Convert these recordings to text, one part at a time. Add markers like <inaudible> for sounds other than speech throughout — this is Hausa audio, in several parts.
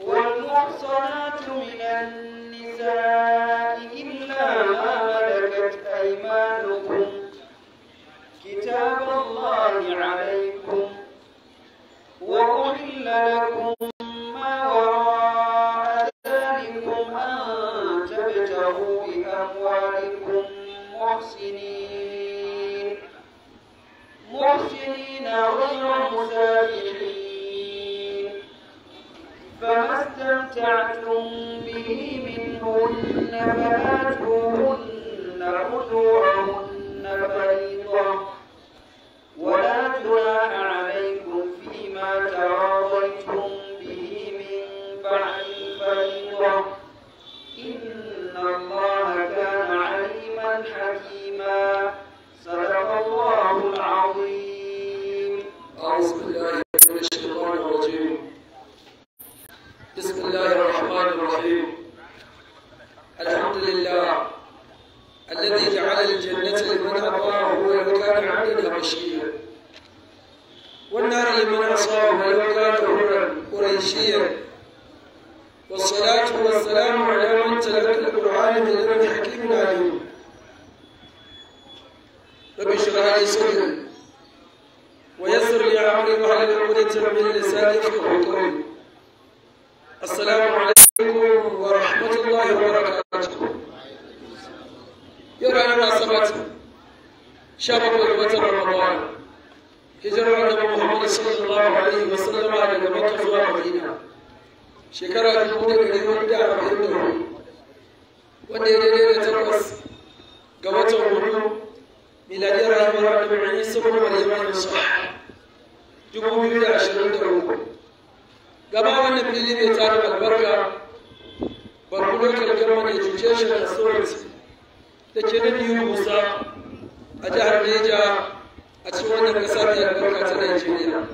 والمحصنات من النساء إلا ما ملكت أيمانكم كتاب الله عليكم وأحل لكم السابقين فما استمتعتم به منهن فآتوهن أجورهن والسلام على من تلقى القرآن من لدن حكيم عليم رب اشرح لي صدري ويسر لي أمري واحلل عقدة من لساني يفقهوا السلام عليكم ورحمة الله وبركاته يرى أنا سبت شرف وتر رمضان هجر النبي محمد صلى الله عليه وسلم على مكة ومدينة shekara dubu da ɗari da arba'in da hudu wanda ya daidai da takwas ga watan hudu miladiyar haihuwar annabi isa kuma maryam isa dubu biyu da ashirin da uku Gama wannan fili mai tarin albarka barkunan kalgarman education authority da ke nan yiwu musa a jihar neja a cikin wannan ƙasa mai albarka ta najeriya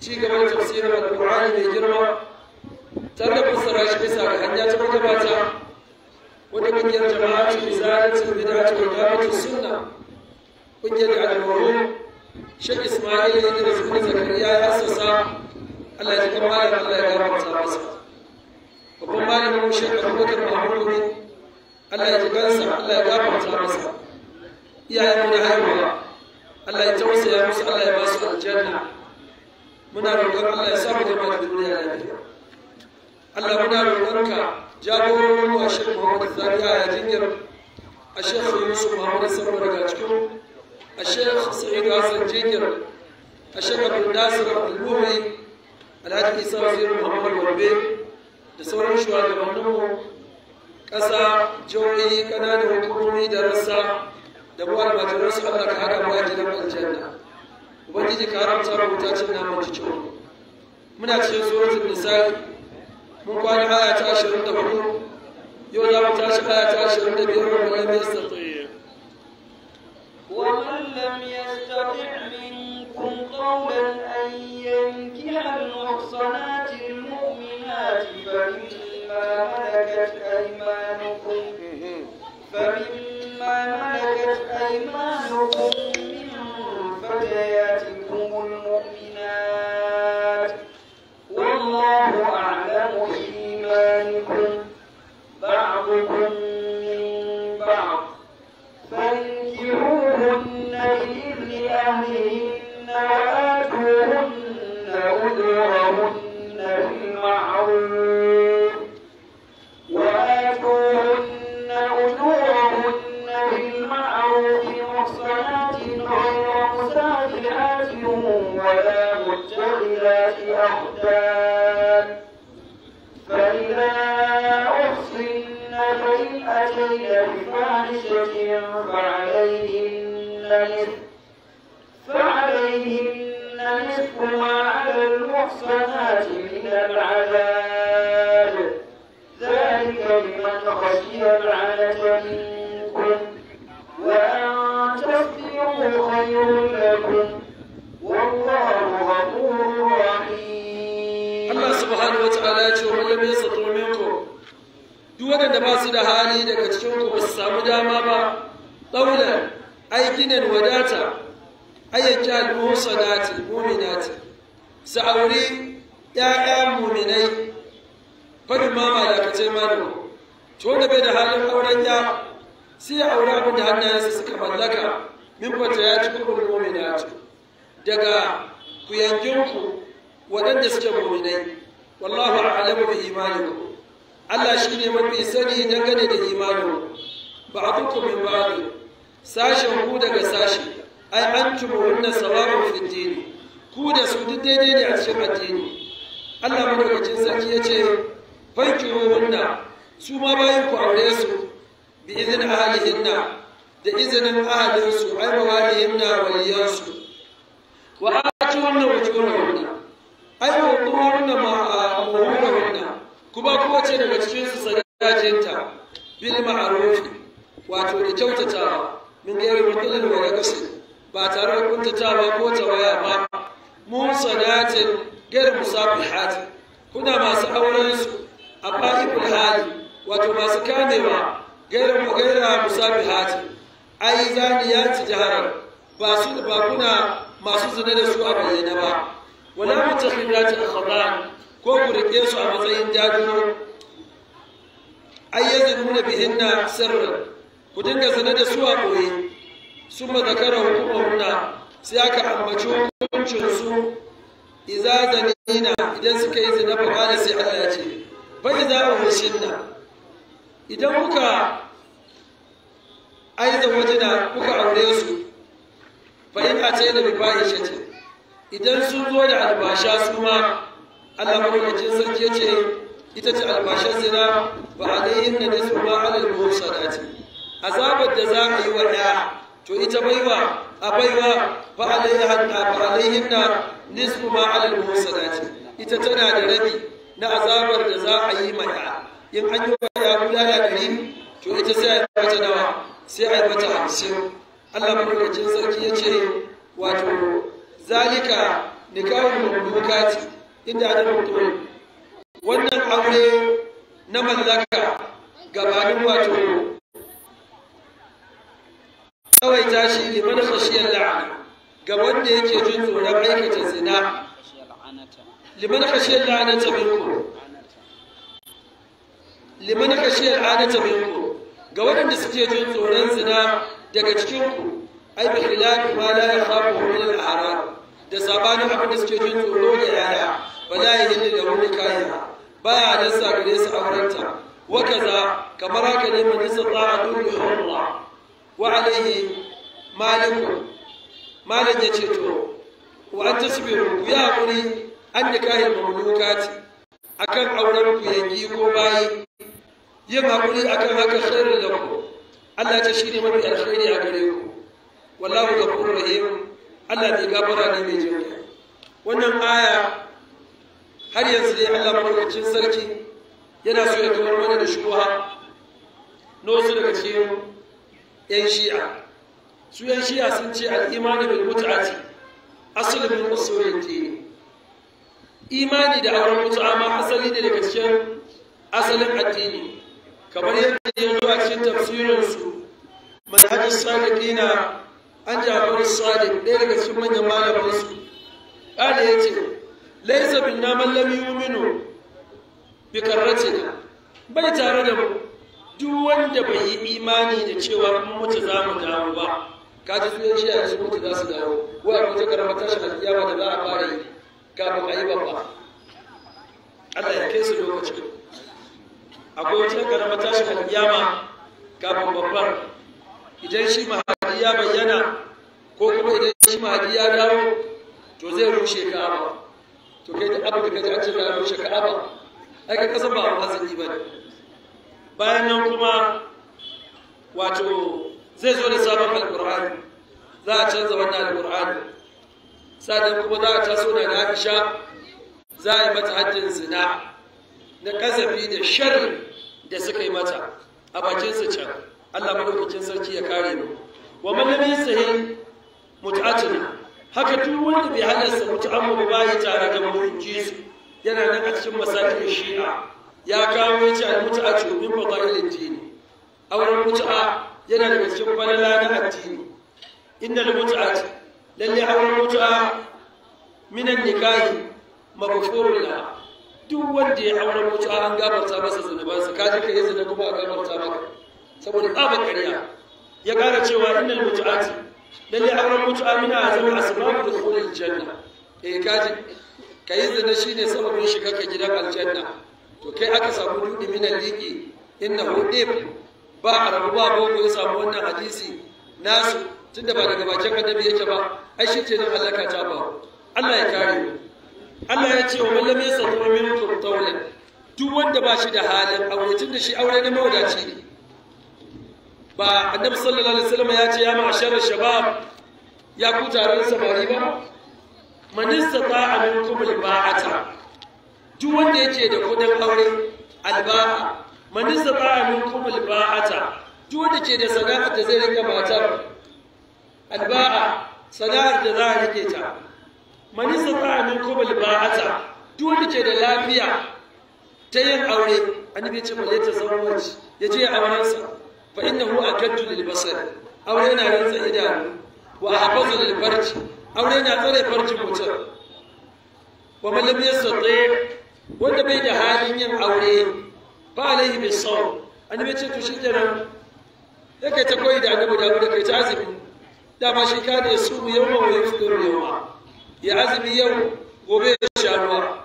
ci gaba da tafsirin alƙur'ani mai girma tare da fassara shi bisa ga hanya ta magabata wata ƙungiyar jama'a ce zalatin bida ta magabata ƙungiyar da almaru shek ismail ya da zuwa zakariya ya assasa allah ya kama da allah ya gafarta masa babban malamin shek abubakar mahmudu allah ya ji kansa allah ya gafarta masa iyayen da haihuwa allah ya tausaya musu allah ya ba su aljanna muna roƙon allah ya samu da duniya lafiya Allah muna roƙonka jagororin wa Sheikh Muhammad Zakiya, a jinyar a Sheikh Yusuf Muhammad Sambo daga cikin a Sheikh Sa'id Hassan jinyar a Sheikh Abdul Nasir Abdul Alhaji Isa Zairu Muhammad Wabe da sauran shugabanninmu kasa jihohi kananan hukumomi da rassa da mu almajiransu Allah ka haɗa mu a gidan aljanna ubangiji ka haramta rubuta cin namun cikin muna cikin suratul nisa'i mun kwana aya ta 24 yau za mu tashi aya ta 25 wa lam yastati wa man lam yastati minkum qawlan an yankiha al-muhsanati al-mu'minati fa mimma malakat aymanukum فمما ملكت أيمانكم من فتياتكم المؤمنات والله أعلم بإيمانكم بعضكم من بعض فانكروهن بإذن أهلهن وآتوهن أجورهن بالمعروف ثلاثة فإذا أحسن فإن أتينا بفاحشة فعليهن نصف فعليهن نصف ما على المحصنات من العذاب ذلك لمن خشي العنة منكم وأن تصبروا خير لكم Allah subhanahu wata'ala ya ce wa mallam ya sato minku duk waɗanda ba su da hali daga cikin ku ba su samu dama ba ɗaula aikinin wadata ayyaki almuhu sadati muminati su auri ‘ya'ya muminai fadin ma malakatai manu to da bai da halin auren ya sai ya aure abin da hannayensa suka mallaka min kwata ya ci kuɗin muminati daga kuyanginku waɗanda suke muminai wallahu a'lamu bi imanikum Allah shine mafi sani dangane da a ba'dukum min ba'd sashen ku daga sashi ai antum hunna sawa'un fi dini ku da su duk daidai ne a cikin addini Allah madaukakin sarki ce fankiru hunna su ma bayan ku aure su bi idin ahlihinna da izinin su, ai mawalihinna waliyansu wa atuwanna wujurahunna ai wa tuhunna ma wannan, kuma kuma ce daga cikin su sadajinta bil ma'ruf wato da kyautata, min gairi mutalin wa yakasi ba tare da kuntata ba ko ta tawaya ba mun sadatin gairi musafihati kuna masu auren su a fa'ikul hali wato masu kamewa gaira gaira musafihati ai zaniyati jaharar ba su ba kuna masu zina da su a bayyana ba wala mutakhirrati akhdan ko ku rike su a matsayin jajiro ayyazin nuna bihinna sirrin ku dinga zina da su a ɓoye sun ma zakara hukumarna sai aka ambaci hukuncinsu iza zanina idan suka yi zina faƙala sai Allah ya ce ba iza wa idan kuka aiza wajina kuka aure su fa in atai da bi fahishati idan sun zo da albasha su ma Allah madaukakin sarki yace ita ce albashar zina ba alayhin na nisu ma alal mursadati azabar da za a yi wa ɗaya to ita baiwa a baiwa ba alayhin na nisu ma alal mursadati ita tana da rabi na azabar da za a yi ma ɗaya in an yi wa ɗaya bulala ɗari to ita sai a yi mata nawa sai a yi mata hamsin Allah madaukakin sarki ya ce wato zalika nikahul mamlukati inda da mutum wannan aure na mallaka gabanin wato kawai tashi liman fashiyar la'ana ga wanda yake jin tsoron aikata zina liman khashiyar la'anata minku liman khashiyar la'anata minku ga waɗanda suke jin tsoron zina daga cikinku ai bi khilafi ma la yakhafu min al-a'rab da sabanin abin da suke jin tsoro da yaya wala da wani kayan. baya da sa gare su auranta wa kaza kamar haka ne man istata'a bi Allah wa malikum malik ya ce to wa an tasbiru ya hakuri an nikahi mamlukati akan auren ku yanki ko bayi yin hakuri akan haka khairul lakum Allah ya ce shi ne mafi alkhairi a gare ku wallahu ghafurur rahim Allah mai gafara ne mai jin wannan aya har yanzu dai Allah madaukakin sarki yana so ya kawar mana da shubuha na wasu daga cikin yan shi'a su yan shi'a sun ce al'imani bil mut'ati asali min usulin din imani da auren mutu'a ma asali ne daga cikin asalin addini kamar yadda ya zo a cikin tafsirin su manhajin sadiki na an jabar sadik ɗaya daga cikin manyan su kada ya ce laisa bin na mallami yuminu bi karratina bai tare da duk wanda bai yi imani da cewa mun mutu za mu dawo ba ka ji zuwa shi a cikin mutu za su dawo wa a mutu karama ya alkiyama da za a fara yi kafin a yi babba Allah ya kai su lokacin akwai wata karama tashin alkiyama kafin babban idan shi mahadi ya bayyana ko kuma idan shi mahadi ya dawo to zai rushe ka'aba to kai da abin da kaji a cikin ka rushe ka'aba ai ka kasan ba abu hasali ba bayan nan kuma wato zai zo da sabon alkur'ani za a canza wannan alkur'ani sadan kuma za a taso da na'isha za a yi mata hajjin zina na kasafi da sharri da suka yi mata a bakinsa can Allah madaukakin sarki ya kare mu wa man lam yasahi mut'atun haka duk wanda bai halarsa mutu'an ba bai tare da murji su yana nan a cikin masakin shi'a ya kawo ya ce al-mut'atu min fadailil jini. auren mutu'a yana daga cikin falala na addini innal mut'at lalle auren mutu'a minan nikahi maghfurun la duk wanda ya auren mutu'a an gafarta masa zunubansa kaje kai zina kuma a gafarta maka saboda tsabar ƙarya ya ƙara cewa innal mutu'ati lalle a mutu'a a azam asbabu dukhulil janna eh kaji kai shi shine sababin shiga ka gidan aljanna to kai aka samu dudi minan liqi innahu dib ba arabu ba ko ya samu wannan hadisi nasu tunda ba daga bakin annabi yake ba ai shi ce nan Allah ka ba Allah ya kare mu Allah ya ce wa man lam yastati minkum tawlan duk wanda ba shi da halin aure tunda shi aure na mawdaci ne ba annabi sallallahu alaihi wasallam ya ce ya ma'ashar shabab ya ku taron samari ba man istata'a minkum alba'ata duk wanda yake da kudin aure alba'a man istata'a minkum alba'ata duk wanda ke da sana'ar da zai rinka matar alba'a sana'ar da za a rike ta man istata'a minkum alba'ata duk wanda ke da lafiya ta yin aure annabi ya ce zama zawaji ya je sa. فإنه أكد للبصر أو لنا ينسى إداره وأحفظ للفرج لنا ترى فرج موتر ومن لم يستطيع وأن بين حالين أولين فعليه بالصوم أنا بيتشت وشجرا لك تقويد عن أبو داود لك تعزم دا ما شي كان يصوم يوم ويفطر يوم يعزم يوم وبيش شهر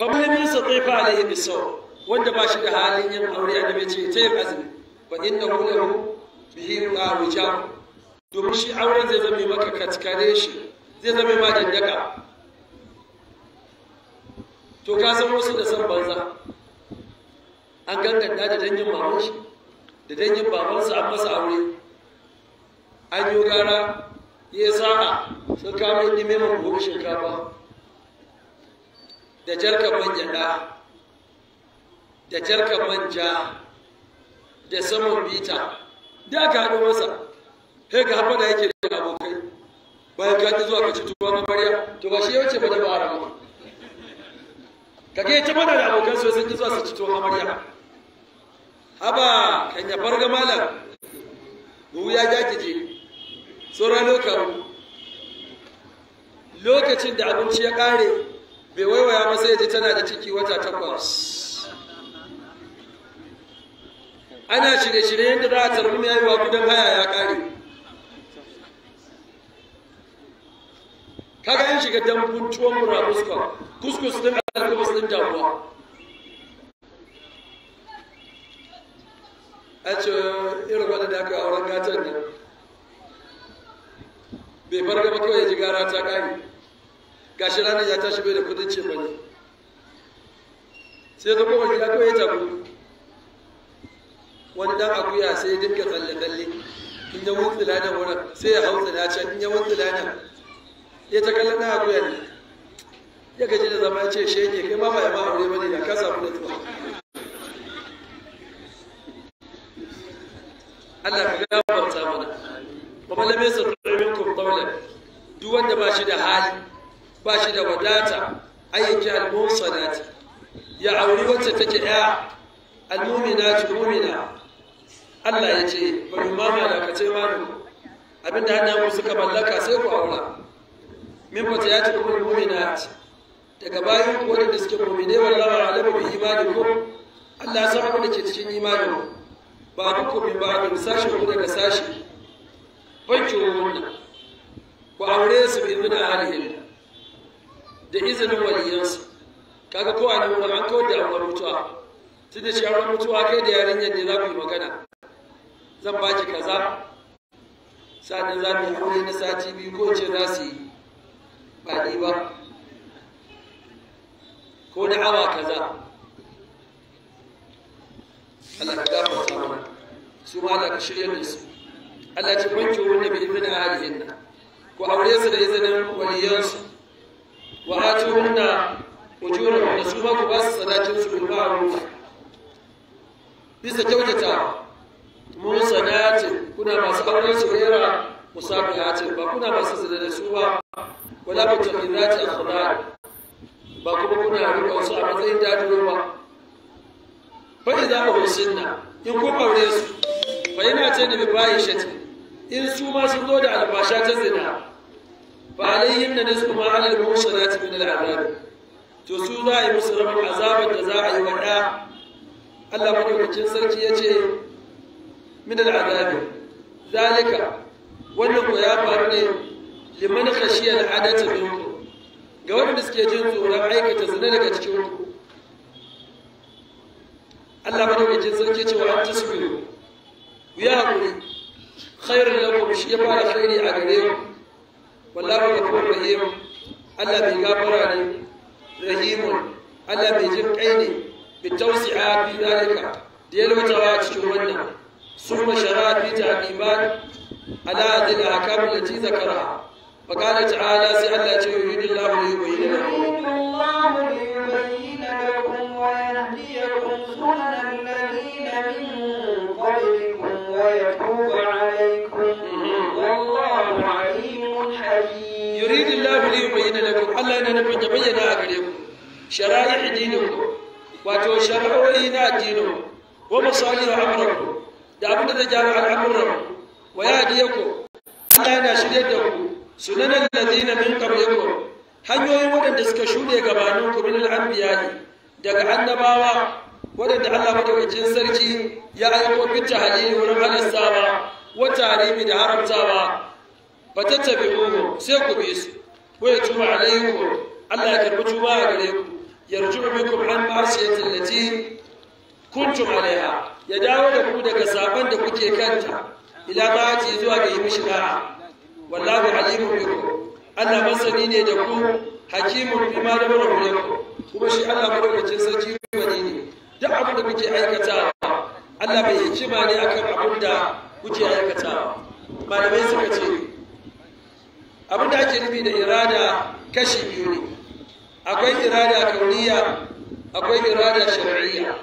فمن لم يستطيع فعليه بالصوم wanda ba shi da halin yin aure dabe ce ta yin azumi fa innahu lahu bihi qarujam domin shi auren zai zama maka katkare shi zai zama ma daddaka to ka san wasu da san banza an ganganta da dangin maman shi da dangin su an masa aure an yi gara ya sa'a sun kama indi mai mabuhun shinkafa da jarkar manyan da. da jarka manja da saman bita da aka haɗu masa kai ga haɓa da yake da abokai bayan ka ji zuwa ka ci tuwa mamarya to ba shi ya wuce ba ba a rama ka ga ita mana da abokan su sun ji zuwa su ci tuwa mamarya haba kan ya farga malam buhu ya jajije tsoron lokaru lokacin da abinci ya ƙare bai waiwaya masa ya ji tana da ciki wata takwas ana shirye-shirye yadda za a tarbi mai haihuwa kudin haya ya kare kaga yin shiga dambun tuwon murabus kwa kuskus din alkubus din damuwa a ce irin waɗanda aka auren gatan ne. bai farga ba kawai ya ji gara ta kare gashi ranar ya tashi bai da kudin ce bane sai zai kuma gida kawai ya tabu wani akuya sai ya dinga tsalle tsalle in ya wutsi ladan wurin sai ya hau tsina can in ya wutsi ladan ya ta kallon na akuya ne ya gaji da zama ya ce shege kai ma ba ya ma aure ba ne da ka samu da tuwa Allah ka gafarta mana wa man lam yastati minkum qawlan duk wanda ba shi da hali ba shi da wadata ayyuki al-musanati ya auri wacce take ya al-mu'minatu mu'mina Allah ya ce bari ma da kace mani abinda hannun mu suka mallaka sai ku aura min fata ya ce kuma mu'minat daga bayan ku wanda suke mu'mine wallahi alamu bi ko Allah ya san abin da ke cikin imani ko ba ku bi ba da sashi ku daga sashi banki wannan ku aure su bi da alihin da izinin waliyansu kaga ko a nan wannan ko da mutuwa tunda shi an mutuwa kai da yarinyar ne za ku yi magana zan ba ki kaza sa'adin za mu yi aure na sati biyu ko ce za su yi ba ni ba ko na awa kaza Allah ka gafarta mana su ma da ka shirya da su Allah ce wanke wanda bai izinin ahalihin nan ku aure su da izinin waliyansu wa atuhunna da su ma ku ba su sadakin su bil ma'ruf bisa kyautata musanatin kuna masu auren soyayya musafihatin ba kuna masu zina da su ba wala mutakhidati akhdan ba kuma kuna rika su a matsayin dadiro ba fa idza ma husinna in ku aure su fa ina ce da bifahishati in su ma sun zo da albasha ta zina fa alayhim na nisfu ma ala al-musanati min al-azab to su za a yi musu rabin azabar da za a yi wa Allah madaukakin sarki ya ce min al'azabi zalika wannan ko ya faru ne liman khashiya al'adatu minkum ga wanda suke jin tsoron aikata zina daga cikin ku Allah madaukakin sarki cewa an tasbiru ku yi haƙuri khairun ku shi ya fara khairi a gare ku wallahu ghafurur rahim Allah bai gafara ne rahimun Allah bai jin kai ne bi tausi'a fi zalika da yalwatawa cikin wannan ثم شرعت في تعقيبات على هذه الاحكام التي ذكرها فقال تعالى سأل يريد الله ليبين الله ليبين لكم ويهديكم سنن الذين من قبلكم ويتوب عليكم والله عليم حكيم يريد الله ليبين لكم الله ان نبي تبين أكلكم شرائع دينكم وتشرعوا إلى دينكم ومصالح أمركم da abin da zai gyara al'amuran wa ya hadiye ku Allah yana shirye da ku sunanan lazina min qablikum hanyoyin waɗanda suka shuɗe gabanin ku min al'anbiya'i daga annabawa waɗanda Allah madaukakin sarki ya aiko fi tahayi wurin halastawa wa tarimi da haramtawa fa uku, sai ku bi su wa yatubu alaykum Allah ya karbi tuba a gare ku yarju bikum an ma'asiyatin lati kuntum alaiha ya dawo da ku daga sabon da kuke kanta ila ce zuwa ga yi mishi da'a wallahu alimu bikum Allah masani ne da ku hakimun fi ma da ku kuma shi Allah madaukakin sarki wani ne duk abin da kuke aikata Allah bai yi kima ne akan abin da kuke aikata malamai suka ce abin da ake nufi da irada kashi biyu ne akwai irada kauniya akwai irada shar'iyya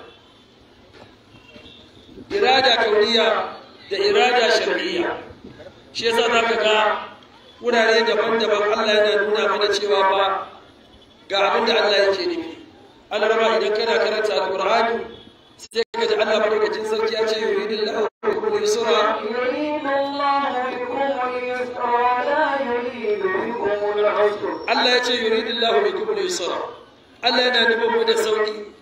irada kauniya da irada shar'iyya shi yasa za ka ga wurare daban-daban Allah yana nuna mana cewa ba ga abin da Allah yake nufi Allah rama idan kana karanta alqur'ani sai ka ji Allah madaukakin sarki ya ce yuridillahu bikum yusra Allah ya ce yuridillahu bikum yusra Allah yana nufin mu da sauki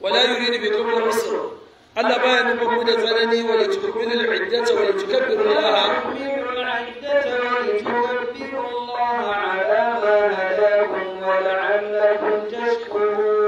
wala yuridu bikum al-usra Allah baya nufin mu tsanani wa da cikin al'iddata wa da tukabbiru Allah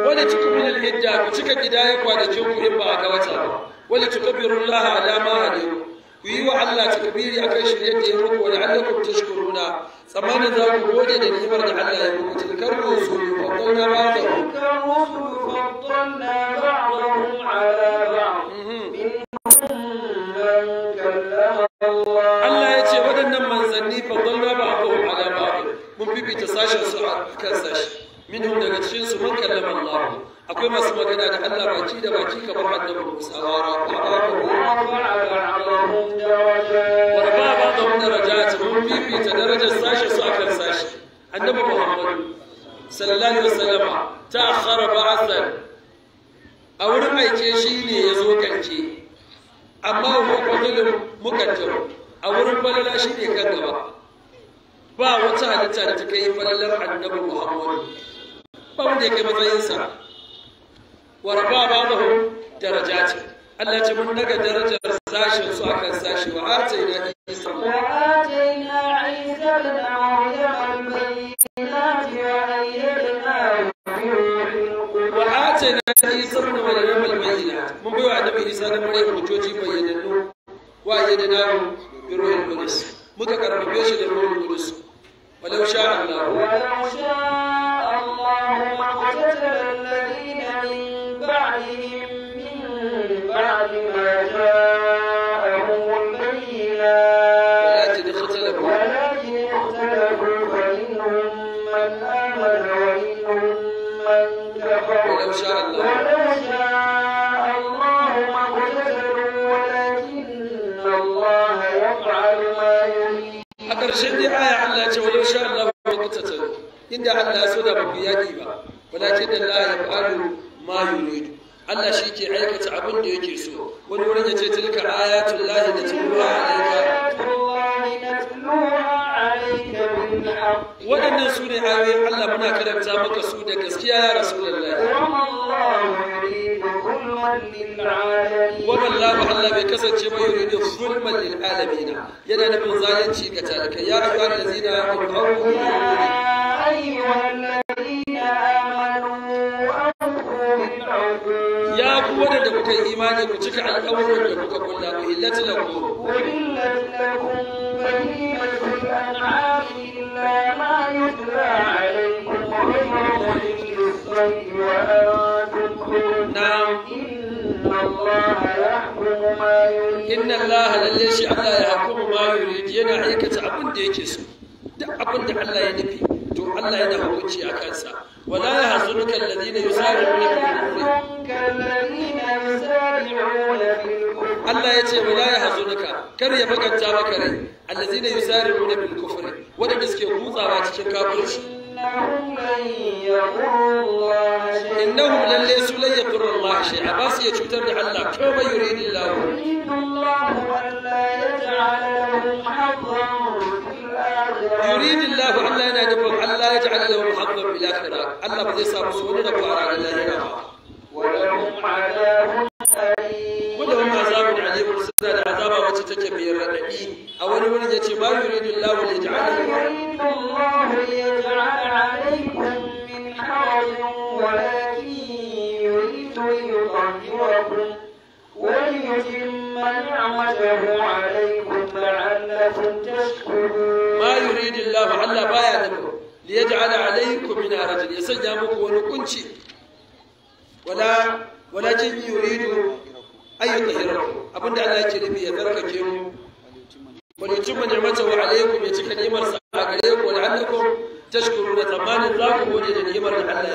wala cikin al'idda ku cika gidaya kwanakin ku in ba a ga wata wala tukabbiru Allah alama alaikum ku yi wa Allah takbiri akan shirye da ya muku wa la'allakum tashkuruna tsammanin za ku gode da ni'imar da Allah ya muku tilkar rusul faddalna ba'dahum tilkar rusul faddalna ba'dahum ala ba'd Allah ya ce waɗannan manzanni faddalna ba'dahum ala ba'd mun bibita sashen su akan sashi minhum daga cikin su man kallama Allah akwai masu magana da Allah baki da baki kamar annabi Musa wa rabbahum wa rabbahum darajat mun fifita darajar sashi su akan sashi annabi Muhammad sallallahu alaihi wasallam ta'akhkhara ba'athan a wurin aike shi ne ya zo kanke amma huwa qadilun mukaddim a wurin balala shi ne kan gaba ba wata halitta da ta kai falalar annabi Muhammad ba wanda ya kai matsayinsa ورفع بعضهم درجات الله تبون لك درجة ساشي وساكن ساشي وآتينا عيسى وآتينا عيسى بن مريم البينات وأيدناه وآتينا عيسى بن مريم البينات من بيوع النبي عيسى بن مريم وجوجي بيننه وأيدناه بروح القدس متكرر بيش بروح القدس ولو شاء الله ولو شاء الله ما قتل الذين من عليهم من بعد ما جاءهم البينات ولكن اختلفوا فمنهم من آمن ومنهم من كفر ولو شاء الله ما اقتتلوا ولكن الله يفعل ما يريد أكرشد آية على ولو شاء الله ما اقتتلوا إن الله سنة بياجيبا ولكن الله يفعل ma yuridu Allah shi ke aikata abin da yake so wani wurin ya ce tilka ayatul lahi da tilwa alayka waɗannan su ne ayoyin Allah muna karanta maka su da gaskiya ya rasulullahi wannan labu Allah bai kasance ba yuri da zulman lil alamin yana nufin zalunci ga talakai ya ayyuhal da zina ayyuhal ladzina amanu ya ku wadanda kuka yi imani ku cika alƙawarin da kuka kulla ku illati lakum wa illati lakum bahimatul an'am illa ma yutla alaykum wa ghayru lis-sayyi wa antum khurun inna allaha yahkumu ma yurid inna allaha lalle shi Allah ya hukumu ma yurid yana aikata abin da yake so duk abin da Allah ya nufi to Allah yana hukunci a kansa wala ya يحسبك الذين يسارعون في الكفر الله يتي ولا يحزنك كر يا بغنتا maka rai allazina yusari'una bil kufr wadanda suke kutsawa cikin kafirci innahum lalle su lan yaqurru Allah ba su ya cutar da Allah ko bai yuridillahu Allah يريد الله أن لا الا يجعل لهم حظا في الآخرة الله بزي رسولنا نبقى على الذين ولهم عذاب ولهم عذاب عظيم سنة العذاب وتتكبير الرئي أول من يتي ما يريد الله ليجعل يريد الله ليجعل عليكم من حرج ولكن يريد ليطهركم وليتم نعمته عليكم لعلكم تشكرون ma yuridillahu Allah baya nufin li yaj'ala alaykum min harajin ya sanya muku wani kunci wala walakin yuridu ay yutahhirakum abinda Allah yake nufi ya tsarkake mu wal mata ni'matahu alaykum ya cika ni'mar sa a gare ku wal annakum tashkuruna tamanin za ku gode da ni'mar da Allah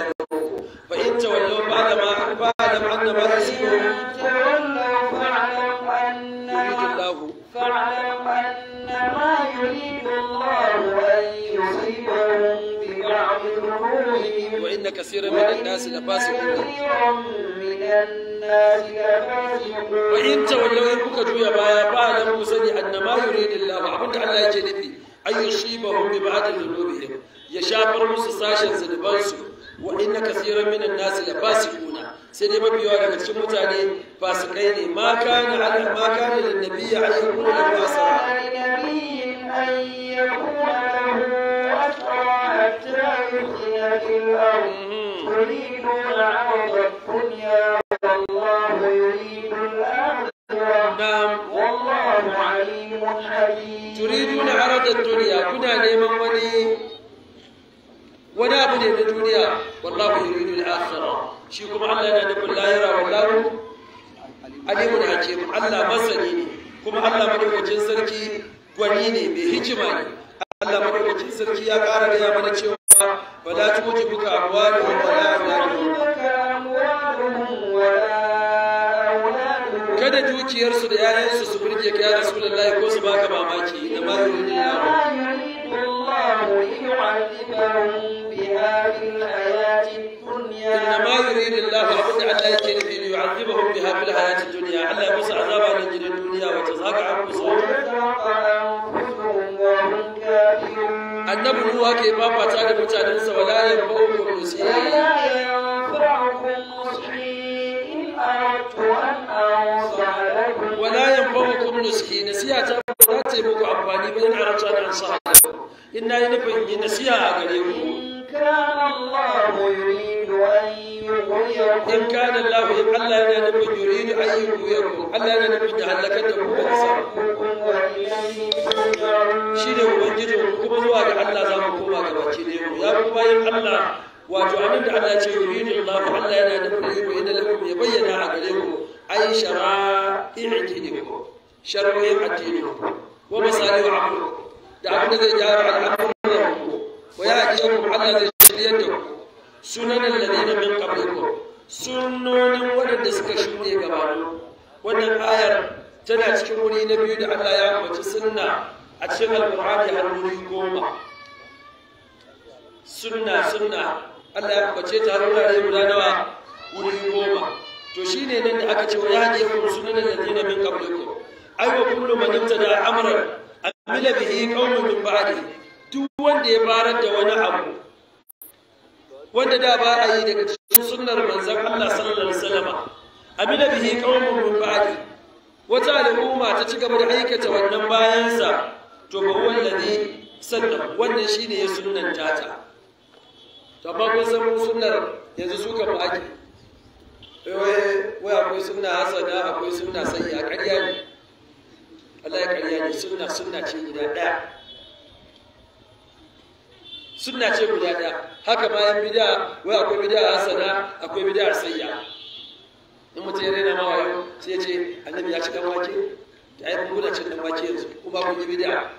ya ba in ma وإن كثيرا من الناس لفاسقون وإن تولوا إن كوكا جويا بايا da كسني أن ما يريد الله أبن الله يجدني أن يصيبهم ببعض ya shafar musu sashen su wa inna kasiran minan nasi la fasikuna sai dai mafi yawa daga cikin mutane fasikai ne ma kana ala ma kana lin nabiyyi alayhi wa sallam الله ابتغاء تريدون عرض الدنيا كنا نيمان وني wani abu ne na duniya wallahu yuridul akhirah shi kuma Allah yana nufin lahira wallahu alimun hakim Allah masani ne kuma Allah madaukakin sarki gwani ne mai hikima Allah madaukakin sarki ya ƙara gaya mana cewa ba za la tujibuka amwaluhum wa da awladuhum kada dukiyarsu da 'ya'yansu su burge ka ya Rasulullahi ko su baka mamaki da ma yuridu إنما يريد الله العبد على يكين أن يعذبهم بها في الحياة الدنيا على بس عذابا من الدنيا وتزهق عن بصور annabi ruwa ke fafata da mutanensa wala ya fa'u rusi wala yanfa'ukum nushi in aradtu ta za ta yi muku amfani bayan in aradtu an ansa Ina yin na yi nufin yi a gare ku إن كان الله يريد أن يغيركم إن كان الله يريد أن نبي يريد أن يغيركم ألا أن نبي جعل كتبه بسركم شيدو وجدو كبروا على الله زمان كبروا على شيدو يا كبروا على الله وجعلنا على شيدو الله ألا أن نبي يريد أن يبين هذا لكم أي شراء يعتنيكم شراء يعتنيكم ومصاري عبد دعنا نجار على عبد الله ويهديكم على ذريتكم سنن الذين من قبلكم سنن ولد سكشوني قبالو wannan ayar tana cikin wuri na biyu da Allah ya ambaci sunna a cikin goma Allah ya ambace ta har wurare guda nawa wuri goma to shine nan da aka ce wa yahdiyakum sunan alladhina min qablikum ay kullu man ibtada amran amila bihi qawmun min ba'dihi duk wanda ya barar da wani abu wanda da ba a yi daga cikin sunnar manzon Allah sallallahu alaihi wasallam amina bihi qaumun min ba'di wata al'umma ta ci gaba da aikata wannan bayan sa, to ba wallahi sannan wannan shine ya sunnan ta to ba ku san mu sunnar yanzu su ka ake eh, wai akwai sunna hasana akwai sunna sayya ƙarya ne Allah ya ƙarya ne sunna sunna ce guda ɗaya sunna ce guda ɗaya haka ma yan bid'a wai akwai bid'a sana akwai bid'a sayya in mutum ya rena mawayo wayo sai ya ce annabi ya ci dan wake ya yi kuna cin dan wake yanzu kuma kun yi bid'a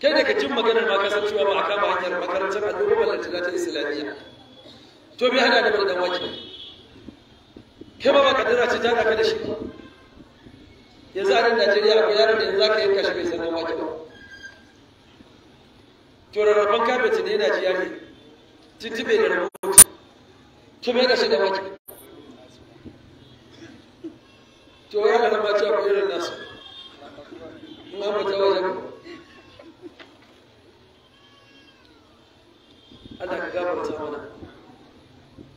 kai daga jin maganar ma kasar cewa ba a kama hanyar makarantar addu'a ballantana ta islamiyya to bi hada da bar dan wake kai ba ba kadara ce ta hada ka da shi ba yanzu a nan Najeriya akwai yaron da yanzu ka yanka shi bai san dan wake ba to rarraban kabeci ne yana ji ne tuntube da rubuci to mai kashe da wake to ya da ma ta koyar nasu in an fita wajen Allah ka ta mana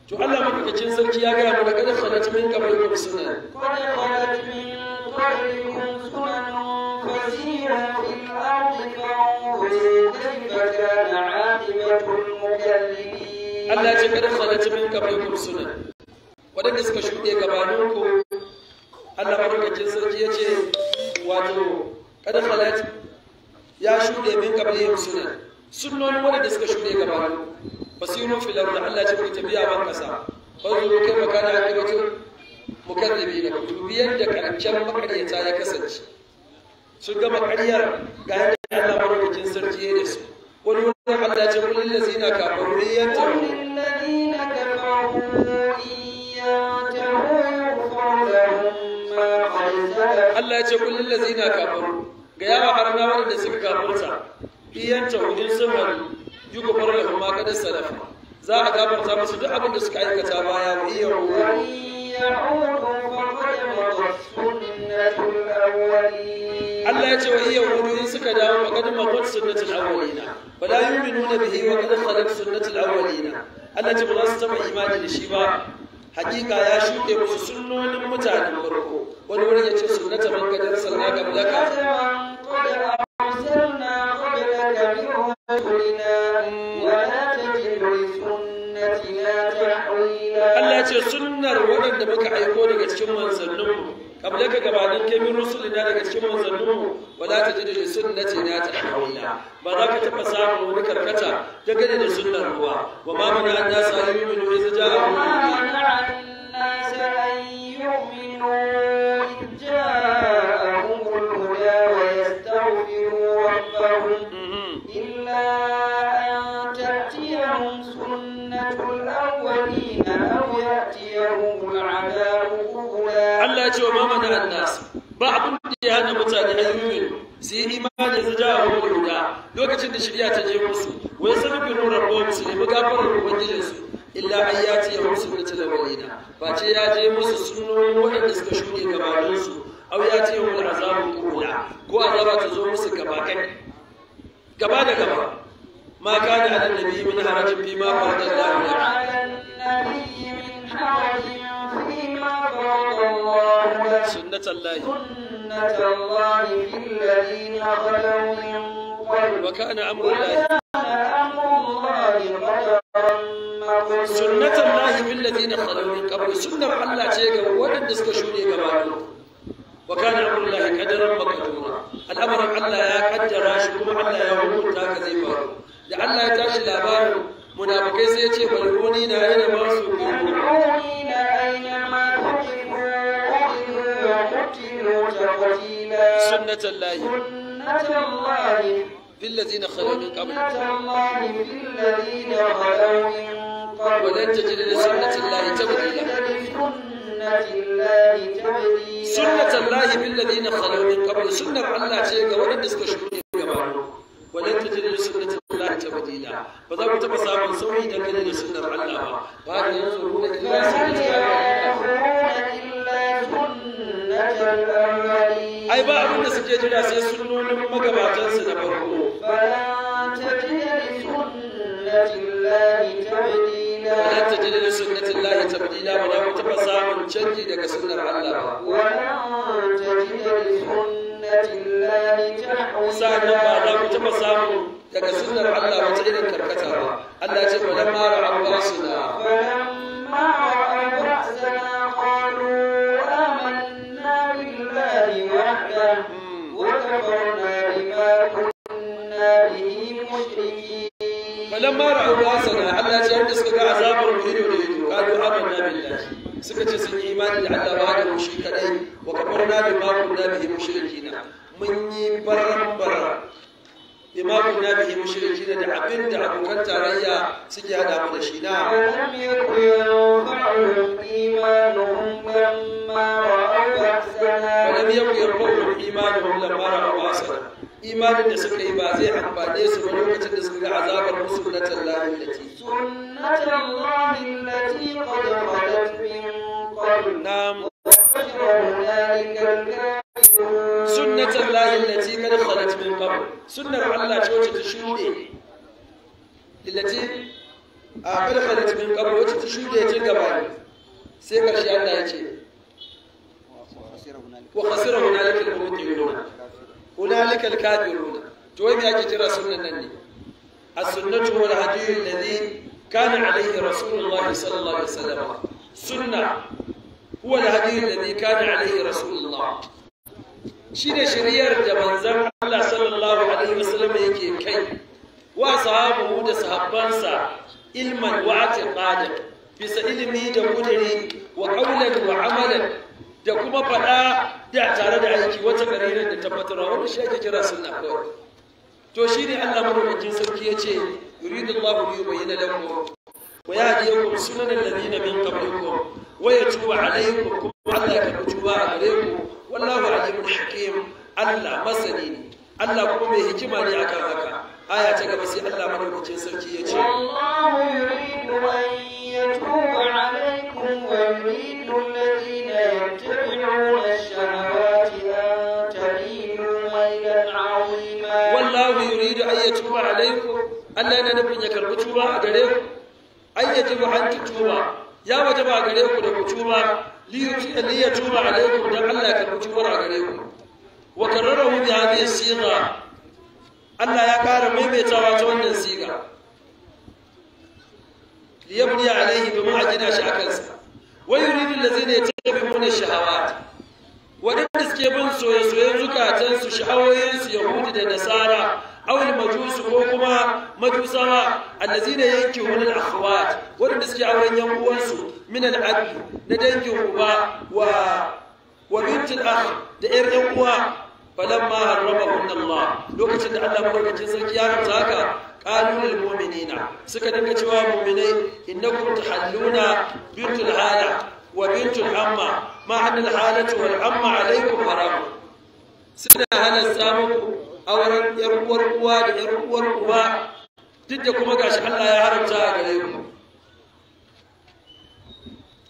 to Allah madaukakin sarki ya gaya mana kada khalat min qabl ko suna. qad khalat min وكان عاقبة المكذبين الله يجبر waɗanda suka shuɗe gabaninku Allah madaukakin sarki ya ce wato ya shuɗe min kabli suna waɗanda suka shuɗe filar da Allah ce ku tafiya ban kasa makana a kibatu mukazzabi na makaryata ya kasance sun gama karyar ga yadda Allah madaukakin sarki ya su قل ولا حتى تقول للذين كفروا للذين كفروا Allah ya ce kullum da zina kafaru ga yawa harna waɗanda suka kafarta iyan tauhidin sun hannu yi gufar da kuma kadar salafa za a gafarta musu duk abin da suka aikata baya wa iya ruwa Allah ya ce wa iya hudu in suka dawo wa kadin makon sunnatul awwalina ba la yu'minuna bihi wa kadin khalaq sunnatul awwalina Allah ya ce ba za su taba imani da shi ba hakika ya shuke musu sunnonin mutanen farko wani wurin ya ce sunnatul man kadin sanna ga mulaka Allah ya ce sunnar waɗanda muka aika ƙablaka gabanin kemin rusuli na daga cikin manzannu ba za ka ji da sun na ce na ta hanyoyi ba za ka taɓa samun wani karkata ta gani da sun na ruwa ba ma mana na sa'ayi mai nufin tafiya ta je musu wai sun bi nuna ba su nemi gafarar ubangijinsu suka shuɗe gabanin wa kana amrullahi qadaran maqdura al'amarin Allah ya kaddara shi kuma Allah ya hukunta ka zai faru da Allah ya tashi labarin munafikai sai ya ce balhuni na yana masu سنة الله سنة الله في الذين خلوا في الذين خلوا من قبل ولن تجد لسنة الله تبديلا سنة الله تبديلا سنة الله بالذين خلوا من قبل سنة الله شيء ولن تسكشوني كمان ولن تجد لسنة الله تبديلا فذا متبسا من سوري دكنا لسنة الله بعد ينظرون إلا سنة الله أي بقى من سجد جدا سيسنون مقباتنس نبرو فلا تجد ta jiri da sunnatin lahi tabdila ba za mu taɓa samun canji daga sunnar Allah ba. Sa'annan ba za mu taɓa samun daga sunnar Allah wata irin karkata ba. Allah ce ba lamma da. ba su na. فلما رأوا بأسنا حتى جاءوا تسكت عذاب suka ce sun yi imani da Allah ba da shi kadai wa kafarna bi ma kunna bihi mushrikina mun yi baran baran imamu na bihi mushrikina da abin da abokan tarayya suke hada mu da shi na ولم يكن يرفعهم إيمانهم لما رأوا أسرا imanin da suka yi ba zai amfane su ba lokacin da suka ga azabar musu na tallahin da ke sunnatullahi lati qad khalat min qabl nam sunnatullahi lati qad khalat min qabl sunnar Allah ce wacce ta shuɗe. lati a qad khalat min qabl wacce ta shuɗe ta gaba sai karshe Allah ya ce wa khasira hunalika al-mubtilun unalikal kafiruna to wai me ake kira sunnan ne as-sunnatu wal hadiyyu alladhi kana alayhi rasulullahi sallallahu alaihi wasallam sunna huwa al-hadiyyu alladhi kana alayhi rasulullah shine shari'ar da manzon Allah sallallahu alaihi wasallam yake kai wa sahabu da sahabbansa ilman wa atiqadan bisa ilimi da kudiri wa qawlan da kuma faɗa da tare da aiki wata ƙararren da tabbatarwa wanda shi ake kira sunna kawai to shi ne Allah madaukakin sarki ya ce yuridu Allahu li yubayyana lakum wa yahdiyakum sunan bin min ku wa yatubu ku kuma Allah ya tuba a gare ku wallahu alimun hakim Allah masani ne Allah kuma mai hikima ne akan haka aya ta gaba sai Allah madaukakin sarki ya ce Allahu yuridu an yatuba Allah yana nufin ya karɓi tuba a gare ku an yaji ba an tuba ya waje ba gare ku da ku tuba da ya tuba alaikum don Allah ya karɓi tuba a gare ku wa hu bi hadhihi siga Allah ya ƙara maimaitawa ta wannan siga liyabni alaihi bi a gina shi a kansa wa yuridu allazina yattabi'una shahawat dukkan suke bin soye-soyen zukatansu sha'awoyinsu yahudi da nasara awil majusu ko kuma majusawa allazina yanki wani akhwat wadanda suke auren yan uwansu min al'abi na dangin uba wa wa bintil da yar yan uwa falamma harrama lokacin da Allah madaukakin sarki ya haramta haka قالوا للمؤمنين سكنك جوا مؤمنين إنكم تحلون بنت الحالة وبنت الأمة ما عن الحالة والأمة عليكم حرام سنة هل السامكم auren yar uwar uwa da yar uwar uba duk da kuma gashi Allah ya haramta a gare ku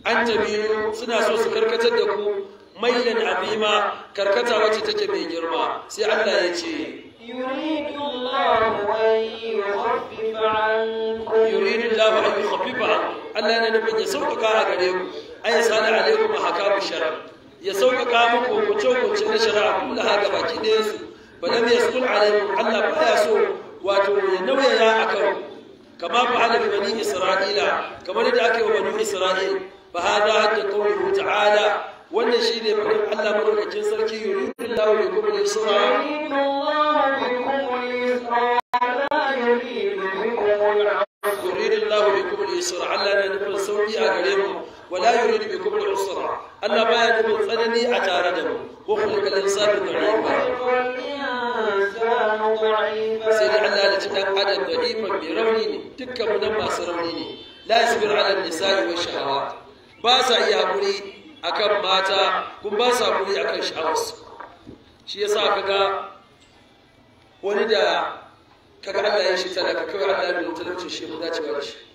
an jami'u suna so su karkatar da ku mailan abima karkata wacce take mai girma sai Allah ya ce يريد الله أن يخفف عنكم يريد الله أن يخفف عنكم ألا ننبي يسوقك عليكم أي صالح عليكم أحكام الشرع يسوقك عنكم وتشوفوا تشوفوا الشرع كلها كما كديسوا ba lam yasqul alaihim Allah ya so wato ya nauyaya akan kama fa'ala bi bani isra'ila kamar yadda aka yi wa bani isra'il fa hada hatta qawluhu ta'ala wannan shine fadin Allah madaukakin sarki yuridullahu bikum al-yusra yuridullahu bikum al-yusra Allah ne nufin sauki a gare mu wala yi yuridu bikum al-usra Allah baya da tsanani a tare da mu Ko kuma wa khulqa al-insanu da'ifa sai da Allah ya ci dan adam da'ifan mai rauni ne dukkan mu nan masu rauni ne la yasbiru ala an-nisa'i wa shahawat ba sa iya hakuri akan mata kun ba sa hakuri akan sha'awarsu shi yasa kaga wani da kaga Allah ya shi talaka kawai Allah ya mutunta shi mu dace ba shi